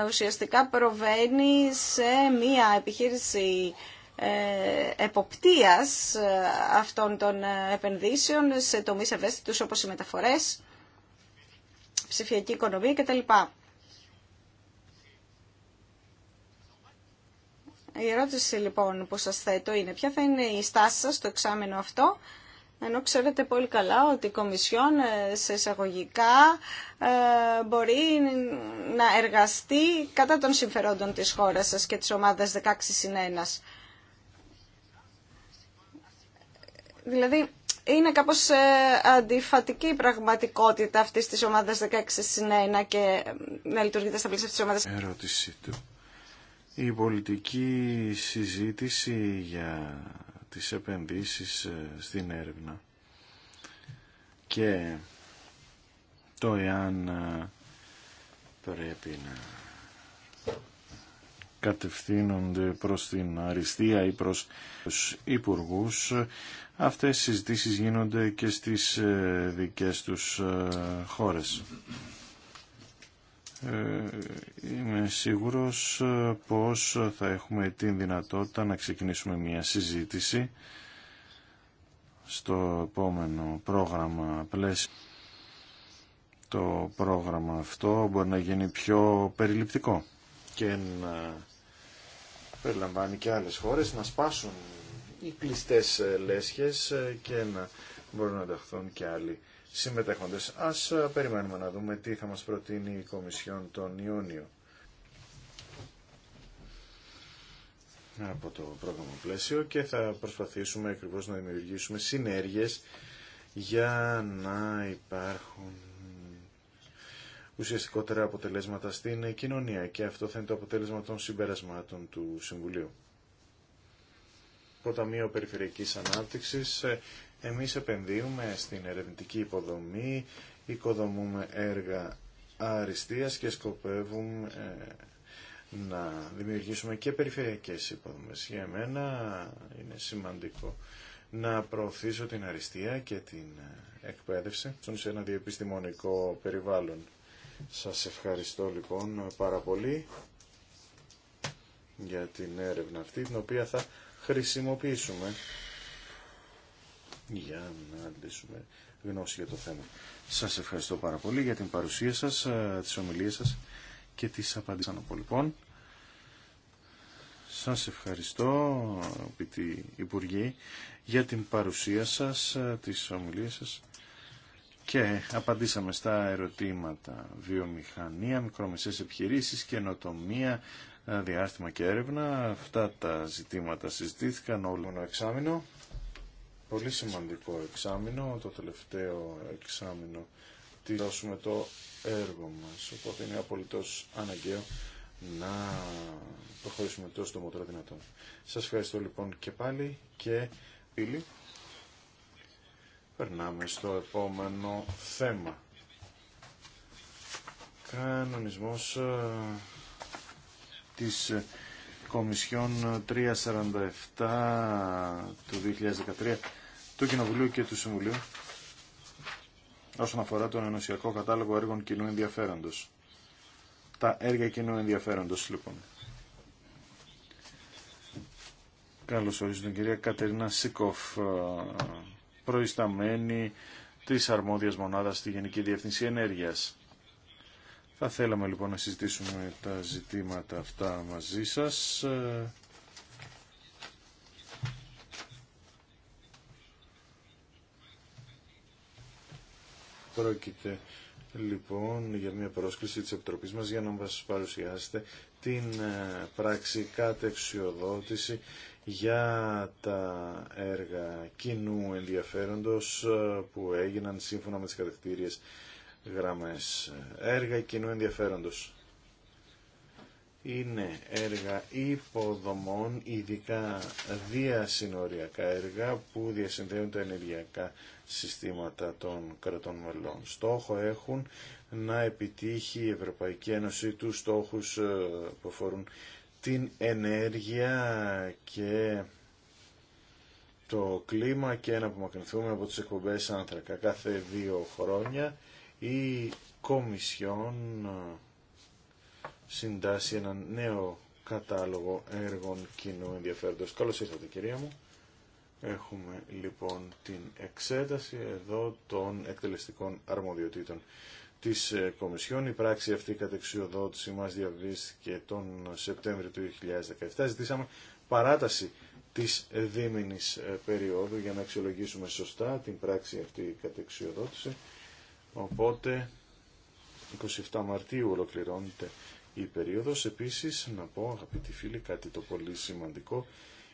ε, ουσιαστικά προβαίνει σε μία επιχείρηση ε, εποπτείας ε, αυτών των ε, επενδύσεων σε τομείς ευαίσθητους όπως οι μεταφορές, ψηφιακή οικονομία κτλ. Η ερώτηση λοιπόν που σας θέτω είναι ποια θα είναι η στάση σας στο εξάμενο αυτό ενώ ξέρετε πολύ καλά ότι η Κομισιόν σε εισαγωγικά μπορεί να εργαστεί κατά των συμφερόντων της χώρας σας και της ομάδας 16 1. Δηλαδή, είναι κάπως ε, αντιφατική η πραγματικότητα αυτής της ομάδας 16 συν 1 και να λειτουργείται στα πλαίσια αυτής της ομάδας.
Ερώτησή Η πολιτική συζήτηση για τις επενδύσεις ε, στην έρευνα και το εάν ε, πρέπει να κατευθύνονται προς την αριστεία ή προς τους υπουργούς Αυτές οι συζητήσεις γίνονται και στις ε, δικές τους ε, χώρες. Ε, είμαι σίγουρος πως θα έχουμε την δυνατότητα να ξεκινήσουμε μια συζήτηση στο επόμενο πρόγραμμα πλαίσιο. Το πρόγραμμα αυτό μπορεί να γίνει πιο περιληπτικό και να περιλαμβάνει και άλλες χώρες να σπάσουν οι κλειστές ε, λέσχες ε, και να μπορούν να ενταχθούν και άλλοι συμμετέχοντες. Ας ε, περιμένουμε να δούμε τι θα μας προτείνει η Κομισιόν τον Ιούνιο. από το πρόγραμμα πλαίσιο και θα προσπαθήσουμε ακριβώς να δημιουργήσουμε συνέργειες για να υπάρχουν ουσιαστικότερα αποτελέσματα στην κοινωνία και αυτό θα είναι το αποτέλεσμα των συμπερασμάτων του Συμβουλίου τα Ταμείο Περιφερειακής Ανάπτυξης. Ε, εμείς επενδύουμε στην ερευνητική υποδομή, οικοδομούμε έργα αριστείας και σκοπεύουμε ε, να δημιουργήσουμε και περιφερειακές υποδομές. Για εμένα είναι σημαντικό να προωθήσω την αριστεία και την ε, εκπαίδευση σε ένα διεπιστημονικό περιβάλλον. Σας ευχαριστώ λοιπόν πάρα πολύ για την έρευνα αυτή, την οποία θα χρησιμοποιήσουμε για να αντλήσουμε γνώση για το θέμα. Σας ευχαριστώ πάρα πολύ για την παρουσία σας, ε, τις ομιλίες σας και τις απαντήσεις σά λοιπόν, Σας ευχαριστώ, ποιητή Υπουργή, για την παρουσία σας, ε, τις ομιλίες σας και απαντήσαμε στα ερωτήματα βιομηχανία, μικρομεσαίες επιχειρήσεις, καινοτομία, ε, διάστημα και έρευνα. Αυτά τα ζητήματα συζητήθηκαν όλο το εξάμεινο. Πολύ σημαντικό εξάμεινο, το τελευταίο εξάμεινο δώσουμε το έργο μας. Οπότε είναι απολύτως αναγκαίο να προχωρήσουμε τόσο το μοτρό δυνατόν. Σας ευχαριστώ λοιπόν και πάλι και πύλη. Περνάμε στο επόμενο θέμα. Κανονισμός ε, της ε, Κομισιόν 347 του 2013 του Κοινοβουλίου και του Συμβουλίου όσον αφορά τον ενωσιακό κατάλογο έργων κοινού ενδιαφέροντος. Τα έργα κοινού ενδιαφέροντος λοιπόν. Καλώς ορίζω την κυρία Κατερίνα Σίκοφ, ε, προϊσταμένη της αρμόδιας μονάδας στη Γενική Διεύθυνση Ενέργειας. Θα θέλαμε λοιπόν να συζητήσουμε τα ζητήματα αυτά μαζί σας. Πρόκειται λοιπόν για μια πρόσκληση της Επιτροπής μας για να μας παρουσιάσετε την ε, πράξη κατεξιοδότηση για τα έργα κοινού ενδιαφέροντος ε, που έγιναν σύμφωνα με τις κατακτήριες γραμμές. Έργα κοινού ενδιαφέροντος. Είναι έργα υποδομών, ειδικά διασυνοριακά έργα που διασυνδέουν τα ενεργειακά συστήματα των κρατών μελών. Στόχο έχουν να επιτύχει η Ευρωπαϊκή Ένωση τους στόχους ε, που αφορούν την ενέργεια και το κλίμα και να απομακρυνθούμε από τις εκπομπές άνθρακα κάθε δύο χρόνια η Κομισιόν ε, συντάσσει ένα νέο κατάλογο έργων κοινού ενδιαφέροντος. Καλώς ήρθατε κυρία μου. Έχουμε λοιπόν την εξέταση εδώ των εκτελεστικών αρμοδιοτήτων της ε, Κομισιόν. Η πράξη αυτή κατεξιοδότηση μας διαβίστηκε τον Σεπτέμβριο του 2017. Ζητήσαμε παράταση της δίμηνης ε, περίοδου για να αξιολογήσουμε σωστά την πράξη αυτή κατεξιοδότηση Οπότε 27 Μαρτίου ολοκληρώνεται η περίοδος. Επίσης, να πω αγαπητοί φίλοι κάτι το πολύ σημαντικό,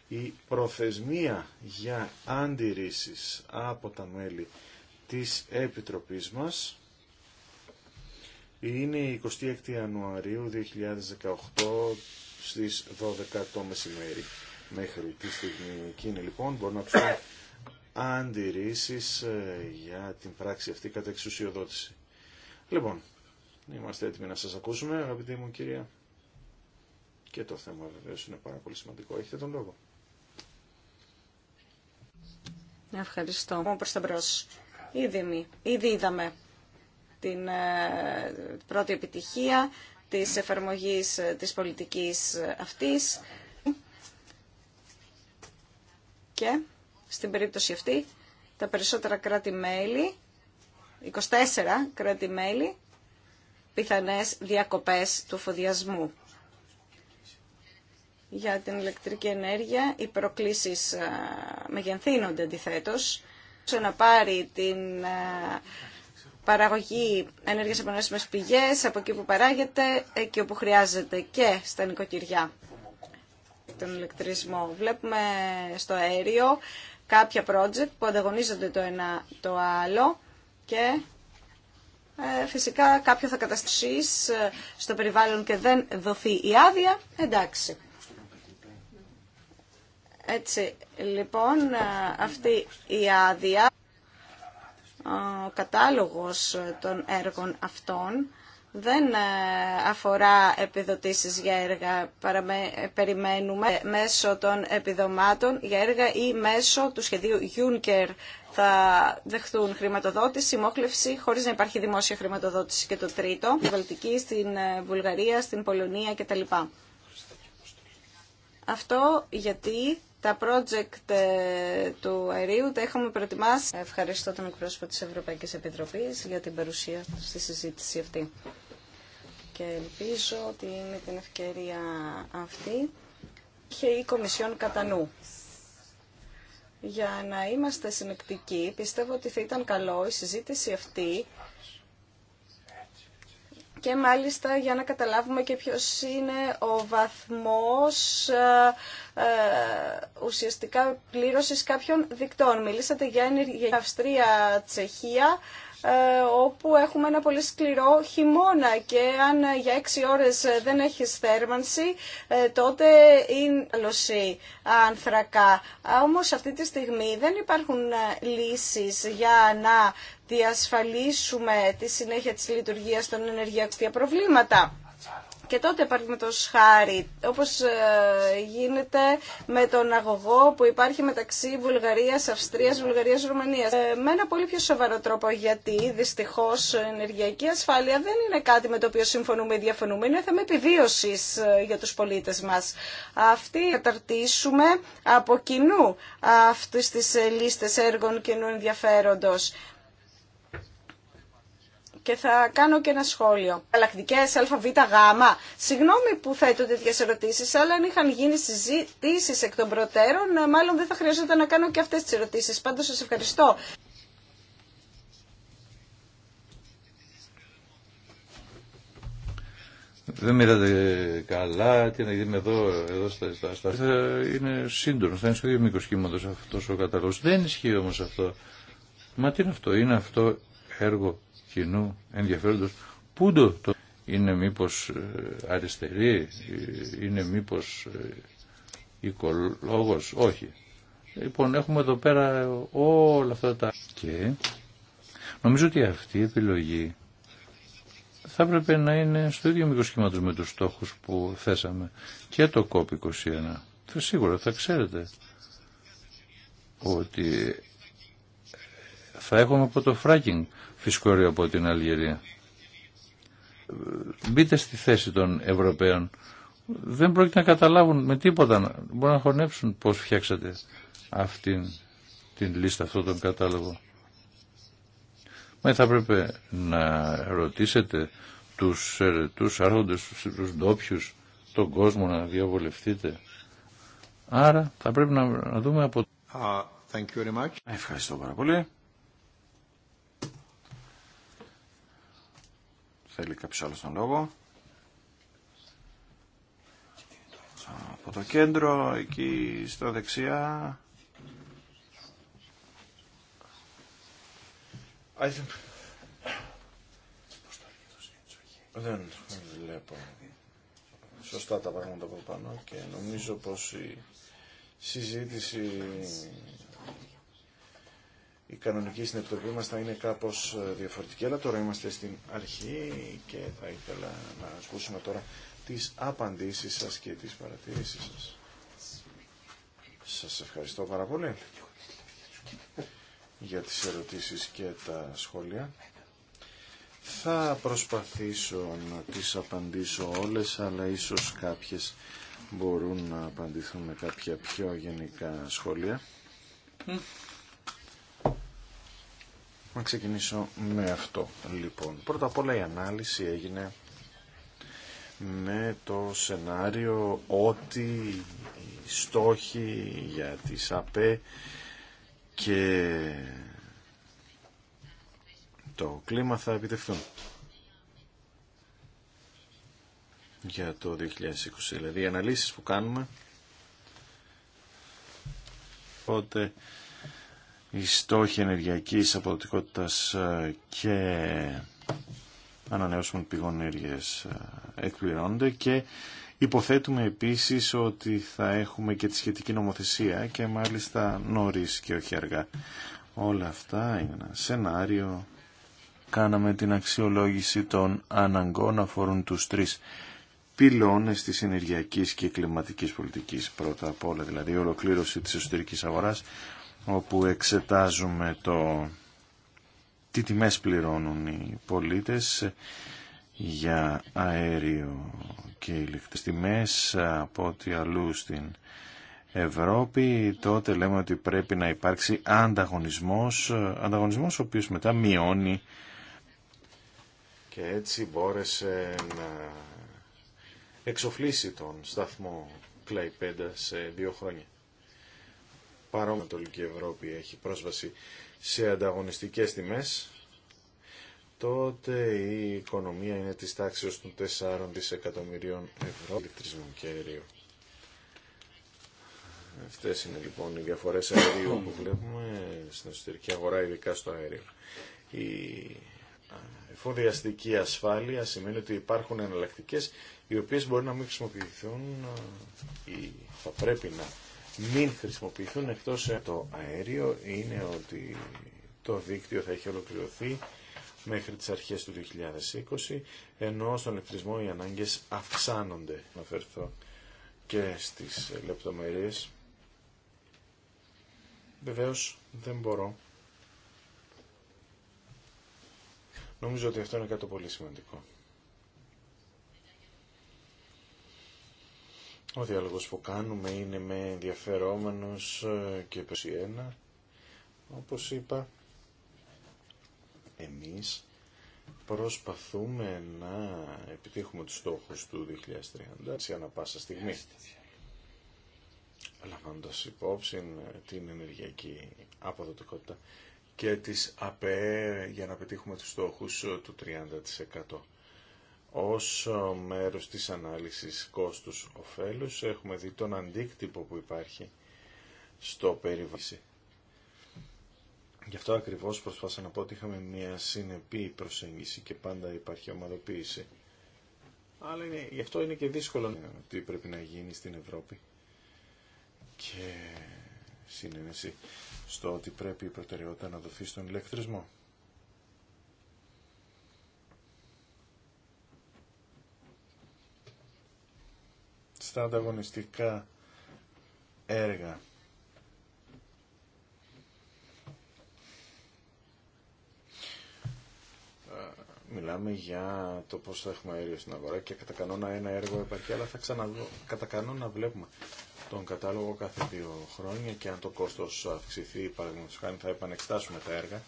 η προθεσμία για αντιρρήσεις από τα μέλη της Επιτροπής μας είναι η 26 Ιανουαρίου 2018 στις 12 το μεσημέρι. Μέχρι τη στιγμή εκείνη λοιπόν μπορεί να πούμε αντιρρήσεις ε, για την πράξη αυτή κατά εξουσιοδότηση. Λοιπόν, είμαστε έτοιμοι να σας ακούσουμε, αγαπητή μου κυρία. Και το θέμα βεβαίως είναι πάρα πολύ σημαντικό. Έχετε τον λόγο.
Ευχαριστώ. Πάμε προς τα μπρος. Ήδη, ήδη είδαμε την ε, πρώτη επιτυχία της εφαρμογής ε, της πολιτικής αυτής και στην περίπτωση αυτή, τα περισσότερα κράτη-μέλη, 24 κράτη-μέλη, πιθανές διακοπές του φωδιασμού. Για την ηλεκτρική ενέργεια οι προκλήσεις μεγενθύνονται αντιθέτως. Να πάρει την παραγωγή ενέργειας από νέες πηγές, από εκεί που παράγεται, και όπου χρειάζεται και στα νοικοκυριά τον ηλεκτρισμό. Βλέπουμε στο αέριο κάποια project που ανταγωνίζονται το ένα το άλλο και ε, φυσικά κάποιο θα καταστήσεις ε, στο περιβάλλον και δεν δοθεί η άδεια, εντάξει. Έτσι, λοιπόν, ε, αυτή η άδεια, ο κατάλογος των έργων αυτών, δεν ε, αφορά επιδοτήσεις για έργα. Ε, περιμένουμε μέσω των επιδομάτων για έργα ή μέσω του σχεδίου Juncker θα δεχθούν χρηματοδότηση, μόχλευση, χωρίς να υπάρχει δημόσια χρηματοδότηση και το τρίτο, στην Βαλτική, στην ε, Βουλγαρία, στην Πολωνία κτλ. Αυτό γιατί τα project του αερίου τα έχουμε προετοιμάσει. Ευχαριστώ τον εκπρόσωπο της Ευρωπαϊκής Επιτροπής για την παρουσία στη συζήτηση αυτή και ελπίζω ότι με την ευκαιρία αυτή και η Κομισιόν κατά νου. Για να είμαστε συνεκτικοί, πιστεύω ότι θα ήταν καλό η συζήτηση αυτή και μάλιστα για να καταλάβουμε και ποιος είναι ο βαθμός ε, ε, ουσιαστικά πλήρωσης κάποιων δικτών. Μιλήσατε για, για Αυστρία, Τσεχία, ε, όπου έχουμε ένα πολύ σκληρό χειμώνα και αν ε, για έξι ώρες ε, δεν έχεις θέρμανση τότε είναι αλωσή ανθρακά. Όμως αυτή τη στιγμή δεν υπάρχουν λύσεις για να διασφαλίσουμε τη συνέχεια της λειτουργίας των ενεργειακών προβλήματα. Και τότε το χάρη, όπως ε, γίνεται με τον αγωγό που υπάρχει μεταξύ Βουλγαρίας, Αυστρίας, Βουλγαρίας, Ρουμανίας. Ε, με ένα πολύ πιο σοβαρό τρόπο, γιατί δυστυχώ η ενεργειακή ασφάλεια δεν είναι κάτι με το οποίο συμφωνούμε ή διαφωνούμε, είναι θέμα επιβίωσης ε, για του πολίτε μα. Αυτή καταρτήσουμε από κοινού αυτέ τι λίστε έργων κοινού ενδιαφέροντο και θα κάνω και ένα σχόλιο. Αλλακτικέ ΑΒΓ. Συγγνώμη που θέτω τέτοιε ερωτήσει, αλλά αν είχαν γίνει συζητήσει εκ των προτέρων, ε, μάλλον δεν θα χρειαζόταν να κάνω και αυτέ τι ερωτήσει. Πάντω σα ευχαριστώ.
Δεν με είδατε καλά, τι να εδώ, εδώ στα, στα, ε, Είναι σύντομο. θα είναι στο ίδιο μήκο κύματο αυτό ο καταλόγο. Δεν ισχύει όμω αυτό. Μα τι είναι αυτό, είναι αυτό έργο κοινού ενδιαφέροντος. Πού το, είναι μήπως ε, αριστερή, ε, είναι μήπως ε, οικολόγος, όχι. Λοιπόν, έχουμε εδώ πέρα όλα αυτά τα... Και νομίζω ότι αυτή η επιλογή θα έπρεπε να είναι στο ίδιο μικρό σχήματος με τους στόχους που θέσαμε και το COP21. Θα σίγουρα θα ξέρετε ότι θα έχουμε από το φράκινγκ φυσκόρη από την Αλγερία. Μπείτε στη θέση των Ευρωπαίων. Δεν πρόκειται να καταλάβουν με τίποτα. Μπορούν να χωνέψουν πώς φτιάξατε αυτήν την λίστα, αυτόν τον κατάλογο. Μα θα πρέπει να ρωτήσετε τους ερετούς άρχοντες, τους ντόπιου, τον κόσμο να διαβολευτείτε. Άρα θα πρέπει να, δούμε από... Uh, thank you very much.
Ευχαριστώ πάρα πολύ. Θέλει κάποιο άλλο τον λόγο. Από το κέντρο, εκεί στα δεξιά. Δεν βλέπω σωστά τα πράγματα από πάνω και νομίζω πως η συζήτηση η κανονική συνεπτοπή μας θα είναι κάπως ε, διαφορετική, αλλά τώρα είμαστε στην αρχή και θα ήθελα να ακούσουμε τώρα τις απαντήσεις σας και τις παρατηρήσεις σας. Σας ευχαριστώ πάρα πολύ για τις ερωτήσεις και τα σχόλια. Θα προσπαθήσω να τις απαντήσω όλες, αλλά ίσως κάποιες μπορούν να απαντήσουν με κάποια πιο γενικά σχόλια. Να ξεκινήσω με αυτό λοιπόν. Πρώτα απ' όλα η ανάλυση έγινε με το σενάριο ότι οι στόχοι για τις ΑΠΕ και το κλίμα θα επιτευχθούν για το 2020. Δηλαδή οι αναλύσεις που κάνουμε οπότε οι στόχοι ενεργειακής αποδοτικότητας ε, και ανανεώσιμων πηγών ενέργειας ε, εκπληρώνονται και υποθέτουμε επίσης ότι θα έχουμε και τη σχετική νομοθεσία και μάλιστα νωρίς και όχι αργά. Όλα αυτά είναι ένα σενάριο. Κάναμε την αξιολόγηση των αναγκών αφορούν τους τρεις πυλώνες της ενεργειακής και κλιματικής πολιτικής. Πρώτα απ' όλα δηλαδή η ολοκλήρωση της εσωτερικής αγοράς όπου εξετάζουμε το τι τιμές πληρώνουν οι πολίτες για αέριο και ηλεκτρικές τιμές από ό,τι αλλού στην Ευρώπη, τότε λέμε ότι πρέπει να υπάρξει ανταγωνισμός, ανταγωνισμός ο οποίος μετά μειώνει και έτσι μπόρεσε να εξοφλήσει τον σταθμό κλαϊπέντα σε δύο χρόνια παρόμοια Ευρώπη έχει πρόσβαση σε ανταγωνιστικές τιμές, τότε η οικονομία είναι της τάξης των 4 δισεκατομμυρίων ευρώ ηλεκτρισμού και αερίου. Αυτές είναι λοιπόν οι διαφορές αερίου που βλέπουμε στην εσωτερική αγορά, ειδικά στο αέριο. Η εφοδιαστική ασφάλεια σημαίνει ότι υπάρχουν εναλλακτικές οι οποίες μπορεί να μην χρησιμοποιηθούν ή θα πρέπει να μην χρησιμοποιηθούν εκτός το αέριο είναι ότι το δίκτυο θα έχει ολοκληρωθεί μέχρι τις αρχές του 2020, ενώ στον ηλεκτρισμό οι ανάγκες αυξάνονται. Να φερθώ και στις λεπτομέρειες. Βεβαίως δεν μπορώ. Νομίζω ότι αυτό είναι κάτι πολύ σημαντικό. Ο διάλογος που κάνουμε είναι με ενδιαφερόμενος ε, και 21. Όπως είπα, εμείς προσπαθούμε να επιτύχουμε τους στόχους του 2030 σε ανα πάσα στιγμή. Λαμβάνοντας υπόψη ε, την ενεργειακή αποδοτικότητα και τις ΑΠΕ για να πετύχουμε τους στόχους ε, του 30% ως μέρος της ανάλυσης κόστους οφέλους έχουμε δει τον αντίκτυπο που υπάρχει στο περιβάλλον. Γι' αυτό ακριβώς προσπάθησα να πω ότι είχαμε μια συνεπή προσέγγιση και πάντα υπάρχει ομαδοποίηση. Αλλά είναι, γι' αυτό είναι και δύσκολο τι πρέπει να γίνει στην Ευρώπη. Και συνένεση στο ότι πρέπει η προτεραιότητα να δοθεί στον ηλεκτρισμό. στα ανταγωνιστικά έργα. Μιλάμε για το πώς θα έχουμε αέριο στην αγορά και κατά κανόνα ένα έργο υπάρχει αλλά θα ξαναδώ, κατά κανόνα βλέπουμε τον κατάλογο κάθε δύο χρόνια και αν το κόστος αυξηθεί, παραδείγματος χάρη, θα επανεξτάσουμε τα έργα,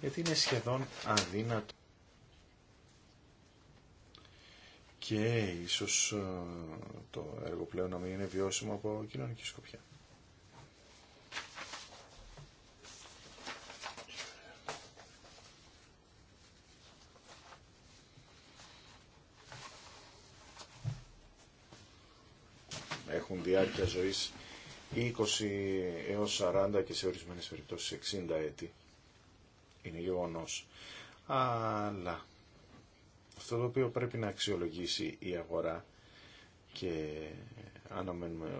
γιατί είναι σχεδόν αδύνατο και ίσως ε, το έργο πλέον να μην είναι βιώσιμο από κοινωνική σκοπιά. Έχουν διάρκεια ζωής 20 έως 40 και σε ορισμένες περιπτώσεις 60 έτη. Είναι γεγονός. Αλλά αυτό το οποίο πρέπει να αξιολογήσει η αγορά και αναμένουμε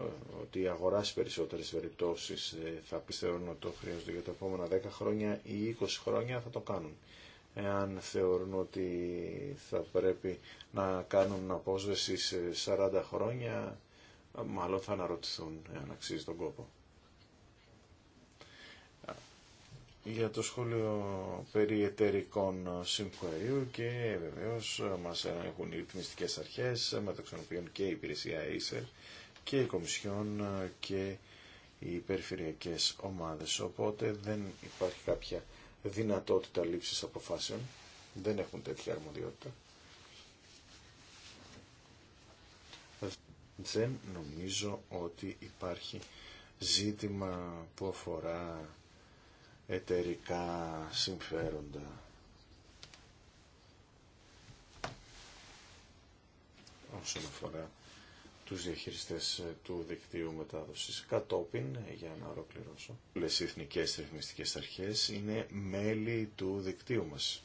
ότι η αγορά σε περισσότερες περιπτώσεις ε, θα πιστεύουν ότι το χρειάζονται για τα επόμενα 10 χρόνια ή 20 χρόνια θα το κάνουν. Εάν θεωρούν ότι θα πρέπει να κάνουν απόσβεση σε 40 χρόνια, μάλλον θα αναρωτηθούν εάν αξίζει τον κόπο. για το σχόλιο περί εταιρικών συμφωνίου και βεβαίως μας έχουν οι ρυθμιστικές αρχές μεταξύ των οποίων και η υπηρεσία Acer και η Κομισιόν και οι περιφερειακές ομάδες. Οπότε δεν υπάρχει κάποια δυνατότητα λήψης αποφάσεων. Δεν έχουν τέτοια αρμοδιότητα. Δεν νομίζω ότι υπάρχει ζήτημα που αφορά εταιρικά συμφέροντα. όσον αφορά τους διαχειριστές του δικτύου μετάδοσης. Κατόπιν, για να ολοκληρώσω, όλες οι εθνικές ρυθμιστικές αρχές είναι μέλη του δικτύου μας.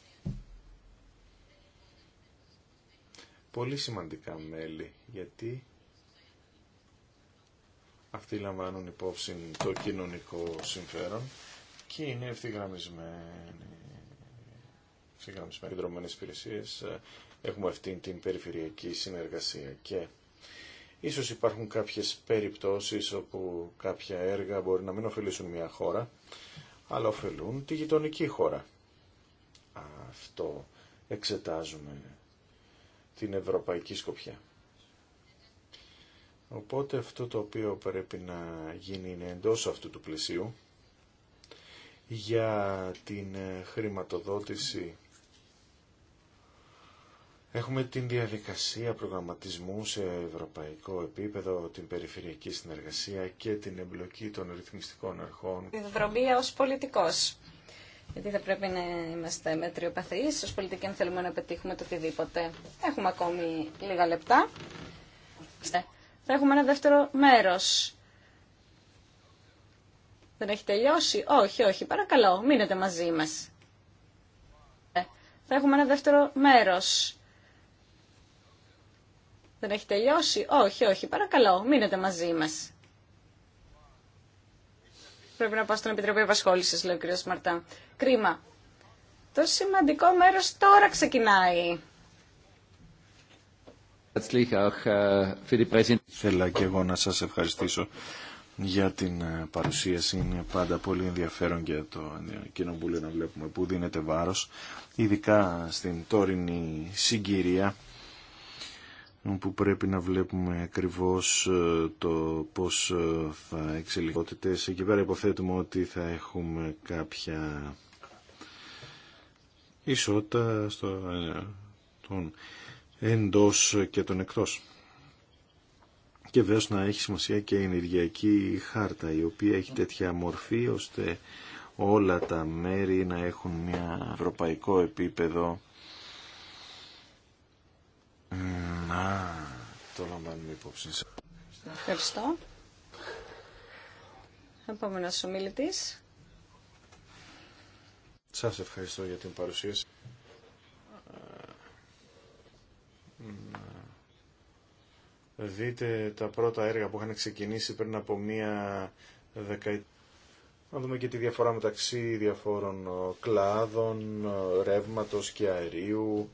Πολύ σημαντικά μέλη, γιατί αυτοί λαμβάνουν υπόψη το κοινωνικό συμφέρον και είναι ευθυγραμμισμένοι ευθυγραμμισμένοι δρομενές υπηρεσίες. Έχουμε αυτή την περιφερειακή συνεργασία και ίσως υπάρχουν κάποιες περιπτώσεις όπου κάποια έργα μπορεί να μην ωφελήσουν μια χώρα, αλλά ωφελούν τη γειτονική χώρα. Αυτό εξετάζουμε την ευρωπαϊκή σκοπιά. Οπότε αυτό το οποίο πρέπει να γίνει είναι εντός αυτού του πλαισίου για την ε, χρηματοδότηση. Έχουμε την διαδικασία προγραμματισμού σε ευρωπαϊκό επίπεδο, την περιφερειακή συνεργασία και την εμπλοκή των ρυθμιστικών αρχών. Η
δρομία ως πολιτικός. Γιατί θα πρέπει να είμαστε μετριοπαθείς ως πολιτικοί αν θέλουμε να πετύχουμε το οτιδήποτε. Έχουμε ακόμη λίγα λεπτά. Θα έχουμε ένα δεύτερο μέρος δεν έχει τελειώσει. Όχι, όχι. Παρακαλώ, μείνετε μαζί μας. Ε, θα έχουμε ένα δεύτερο μέρος. Δεν έχει τελειώσει. Όχι, όχι. Παρακαλώ, μείνετε μαζί μας. Πρέπει να πάω στον Επιτροπή Επασχόλησης, λέει ο κ. Μαρτά. Κρίμα. Το σημαντικό μέρος τώρα ξεκινάει.
Äh, Θέλω και εγώ να σας ευχαριστήσω για την ε, παρουσίαση. Είναι πάντα πολύ ενδιαφέρον για το Κοινοβούλιο να βλέπουμε που δίνεται βάρος, ειδικά στην τόρινη συγκυρία που πρέπει να βλέπουμε ακριβώς ε, το πώς ε, θα εξελιχθεί Εκεί πέρα υποθέτουμε ότι θα έχουμε κάποια ισότητα στο, των εντός και των εκτός και βέβαια να έχει σημασία και η ενεργειακή χάρτα η οποία έχει τέτοια μορφή ώστε όλα τα μέρη να έχουν μια ευρωπαϊκό επίπεδο να το λαμβάνουμε υπόψη.
Ευχαριστώ. Επόμενος ομιλητή.
Σας ευχαριστώ για την παρουσίαση. Ε, δείτε τα πρώτα έργα που είχαν ξεκινήσει πριν από μία δεκαετία. Να δούμε και τη διαφορά μεταξύ διαφόρων ε, κλάδων, ε, ρεύματος και αερίου.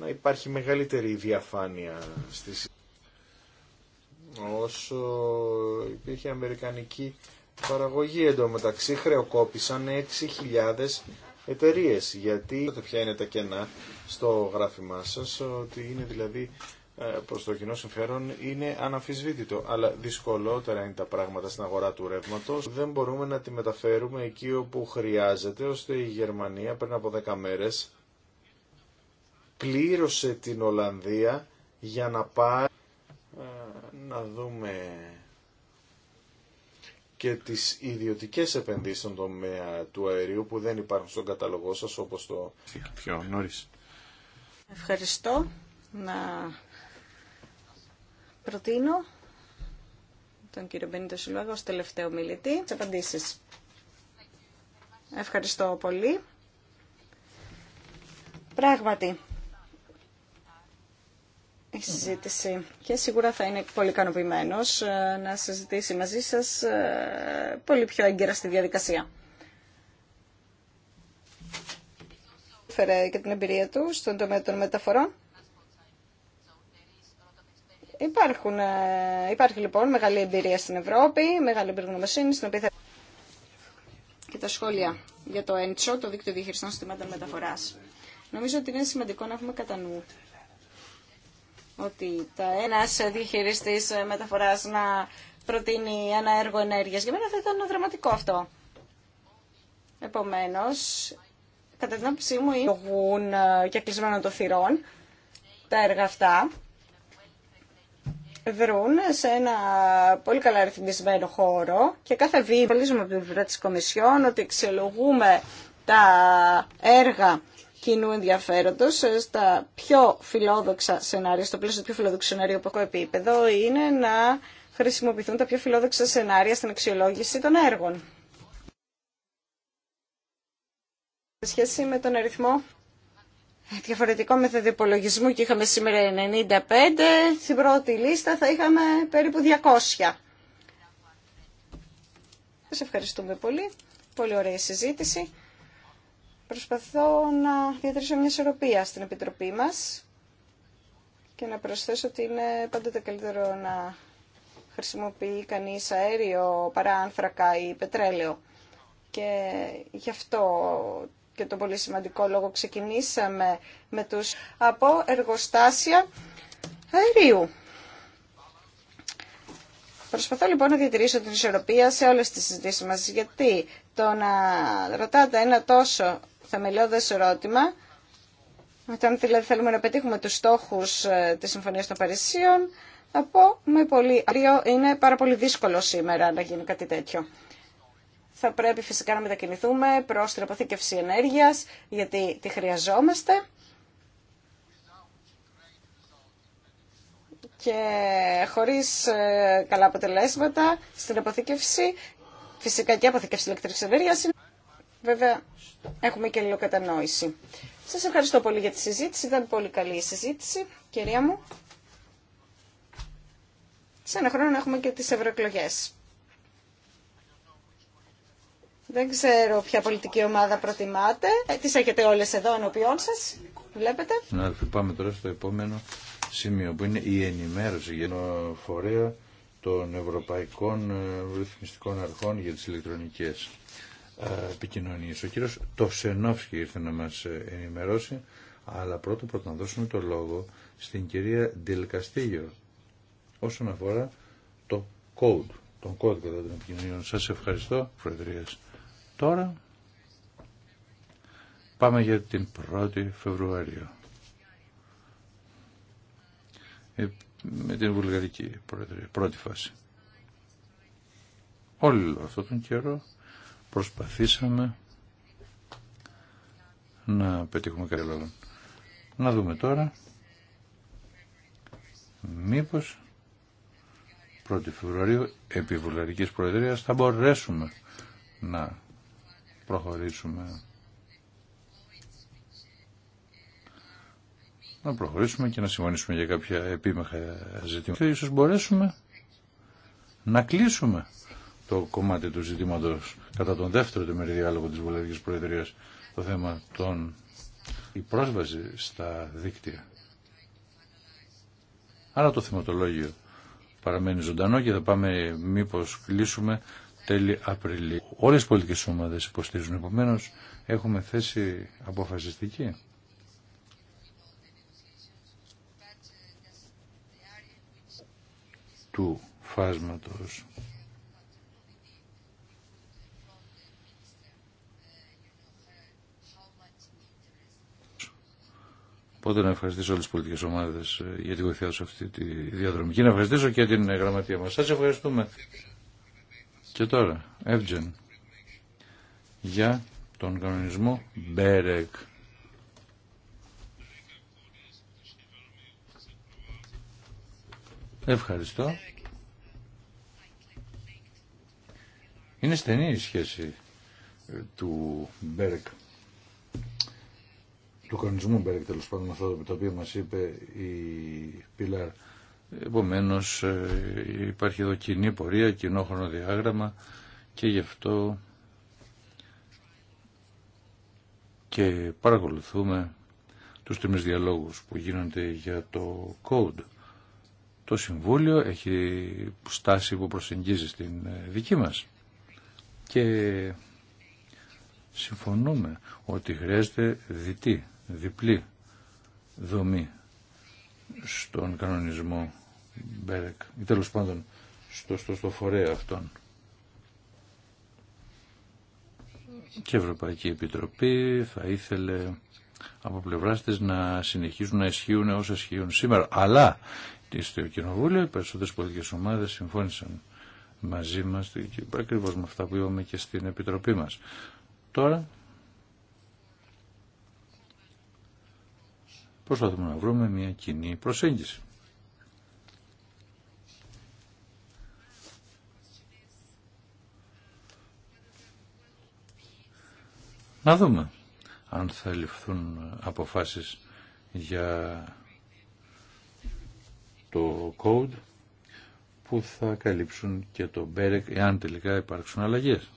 Να υπάρχει μεγαλύτερη διαφάνεια στις... Όσο υπήρχε αμερικανική παραγωγή εντωμεταξύ χρεοκόπησαν 6.000 εταιρείες γιατί ποια είναι τα κενά στο γράφημά σας ότι είναι δηλαδή ε, προς το κοινό συμφέρον είναι αναμφισβήτητο. Αλλά δυσκολότερα είναι τα πράγματα στην αγορά του ρεύματο. Δεν μπορούμε να τη μεταφέρουμε εκεί όπου χρειάζεται, ώστε η Γερμανία πριν από 10 μέρες πλήρωσε την Ολλανδία για να πάρει ε, να δούμε και τις ιδιωτικές επενδύσεις στον τομέα του αερίου που δεν υπάρχουν στον καταλογό σας όπως το... Πιο
Ευχαριστώ. Να Προτείνω τον κύριο Μπενίτο Σιλουάγα ως τελευταίο μιλητή. Τι απαντήσεις. Ευχαριστώ πολύ. Πράγματι, η συζήτηση και σίγουρα θα είναι πολύ ικανοποιημένο ε, να συζητήσει μαζί σας ε, πολύ πιο έγκαιρα στη διαδικασία. Φέρε και την εμπειρία του στον τομέα των μεταφορών. Υπάρχουν, ε, υπάρχει λοιπόν μεγάλη εμπειρία στην Ευρώπη, μεγάλη εμπειρογνωμοσύνη στην οποία θα... Και τα σχόλια για το ΕΝΤΣΟ, το Δίκτυο Διαχειριστών Συστημάτων Μεταφοράς. Νομίζω ότι είναι σημαντικό να έχουμε κατά νου ότι τα ένας διαχειριστής μεταφοράς να προτείνει ένα έργο ενέργειας. Για μένα θα ήταν δραματικό αυτό. Επομένως, κατά την άποψή μου, είναι ε, και κλεισμένο των θυρών τα έργα αυτά βρουν σε ένα πολύ καλά ρυθμισμένο χώρο και κάθε βήμα καλύζουμε από την πλευρά Κομισιόν ότι εξελογούμε τα έργα κοινού ενδιαφέροντος στα πιο φιλόδοξα σενάρια, στο πλαίσιο του πιο φιλόδοξου σενάριου από επίπεδο είναι να χρησιμοποιηθούν τα πιο φιλόδοξα σενάρια στην αξιολόγηση των έργων. Σε σχέση με τον αριθμό διαφορετικό μεθόδιο υπολογισμού και είχαμε σήμερα 95, στην πρώτη λίστα θα είχαμε περίπου 200. Σας ευχαριστούμε πολύ. Πολύ ωραία συζήτηση. Προσπαθώ να διατηρήσω μια ισορροπία στην Επιτροπή μας και να προσθέσω ότι είναι πάντοτε καλύτερο να χρησιμοποιεί κανείς αέριο παρά άνθρακα ή πετρέλαιο. Και γι' αυτό και το πολύ σημαντικό λόγο ξεκινήσαμε με τους από εργοστάσια αερίου. Προσπαθώ λοιπόν να διατηρήσω την ισορροπία σε όλες τις συζητήσεις μας, γιατί το να ρωτάτε ένα τόσο θεμελιώδες ερώτημα, όταν δηλαδή θέλουμε να πετύχουμε τους στόχους ε, της Συμφωνίας των Παρισίων, Από με πολύ αριό, είναι πάρα πολύ δύσκολο σήμερα να γίνει κάτι τέτοιο. Θα πρέπει φυσικά να μετακινηθούμε προς την αποθήκευση ενέργειας, γιατί τη χρειαζόμαστε. Και χωρίς ε, καλά αποτελέσματα στην αποθήκευση, φυσικά και αποθήκευση ηλεκτρικής ενέργειας, βέβαια έχουμε και λίγο κατανόηση. Σας ευχαριστώ πολύ για τη συζήτηση, ήταν πολύ καλή η συζήτηση, κυρία μου. Σε ένα χρόνο έχουμε και τις ευρωεκλογές. Δεν ξέρω ποια πολιτική ομάδα προτιμάτε. Τι ε, τις έχετε όλες εδώ ενώπιόν σας. Βλέπετε.
Να πάμε τώρα στο επόμενο σημείο που είναι η ενημέρωση για τον φορέα των Ευρωπαϊκών ε, Ρυθμιστικών Αρχών για τις ηλεκτρονικές ε, επικοινωνίες. Ο κύριος Τοσενόφσκι ήρθε να μας ενημερώσει, αλλά πρώτα πρώτα να δώσουμε το λόγο στην κυρία Ντελκαστίγιο όσον αφορά το code, τον κώδικα των επικοινωνίων. Σας ευχαριστώ, Φρεδρίας. Τώρα πάμε για την 1η Φεβρουαρίου. Ε, με την Βουλγαρική Προεδρία, πρώτη φάση. Όλο αυτόν τον καιρό προσπαθήσαμε να πετύχουμε κάτι λόγο. Να δούμε τώρα μήπως 1η Φεβρουαρίου επί Βουλγαρικής Προεδρίας θα μπορέσουμε να προχωρήσουμε. Να προχωρήσουμε και να συμφωνήσουμε για κάποια επίμεχα ζητήματα. Και ίσως μπορέσουμε να κλείσουμε το κομμάτι του ζητήματος κατά τον δεύτερο τεμερή διάλογο της Βουλευτικής Προεδρίας το θέμα των η πρόσβαση στα δίκτυα. Άρα το θεματολόγιο παραμένει ζωντανό και θα πάμε μήπως κλείσουμε τέλη Απριλίου. Όλες οι πολιτικές ομάδες υποστήριζουν, επομένως έχουμε θέση αποφασιστική. του φάσματος. Οπότε να ευχαριστήσω όλες τις πολιτικές ομάδες ε, για τη βοηθειά σε αυτή τη διαδρομική. Να ευχαριστήσω και την γραμματεία μας. Σας ευχαριστούμε. Και τώρα, Εύγεν, για τον κανονισμό Μπέρεκ. Ευχαριστώ. Είναι στενή η σχέση ε, του Μπέρεκ, του κανονισμού Μπέρεκ τέλο πάντων, με αυτό το οποίο μας είπε η Πίλαρ Επομένω, ε, υπάρχει εδώ κοινή πορεία, κοινό χρονοδιάγραμμα και γι' αυτό και παρακολουθούμε τους τρεις διαλόγους που γίνονται για το code. Το Συμβούλιο έχει στάση που προσεγγίζει στην ε, δική μας και συμφωνούμε ότι χρειάζεται διτή, διπλή δομή στον κανονισμό Μπέρεκ ή τέλος πάντων στο, στο, στο φορέα αυτόν. Και η Ευρωπαϊκή Επιτροπή θα ήθελε από πλευρά τη να συνεχίζουν να ισχύουν όσα ισχύουν σήμερα. Αλλά στο Κοινοβούλιο οι περισσότερε πολιτικέ ομάδε συμφώνησαν μαζί μα και ακριβώ με αυτά που είπαμε και στην Επιτροπή μα. Τώρα προσπαθούμε να βρούμε μια κοινή προσέγγιση. Να δούμε αν θα ληφθούν αποφάσεις για το code που θα καλύψουν και το BEREC εάν τελικά υπάρξουν αλλαγές.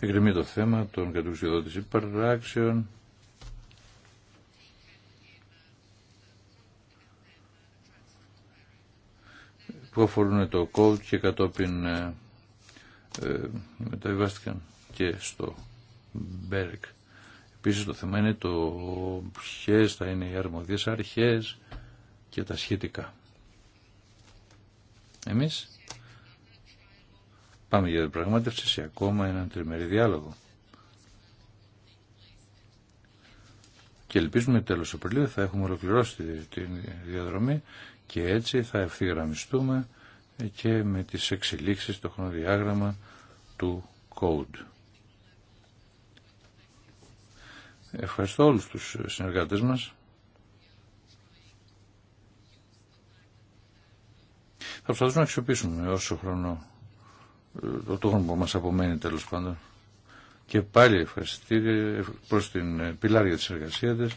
Εκκρεμεί το θέμα των κατοξιδότηση παράξεων. που αφορούν το κόλτ και κατόπιν ε, ε, μεταβιβάστηκαν και στο Μπέρκ. Επίσης το θέμα είναι το ποιες θα είναι οι αρμοδίες αρχές και τα σχετικά. Εμείς Πάμε για πραγματεύση σε ακόμα έναν τριμερή διάλογο. Και ελπίζουμε τέλος Απριλίου θα έχουμε ολοκληρώσει τη διαδρομή και έτσι θα ευθυγραμμιστούμε και με τις εξελίξεις στο χρονοδιάγραμμα του Code. Ευχαριστώ όλους τους συνεργάτες μας. Θα προσπαθήσουμε να αξιοποιήσουμε όσο χρόνο το, το χρόνο που μας απομένει τέλος πάντων. Και πάλι ευχαριστήρια ε, προς την ε, πιλάρια της εργασίας της.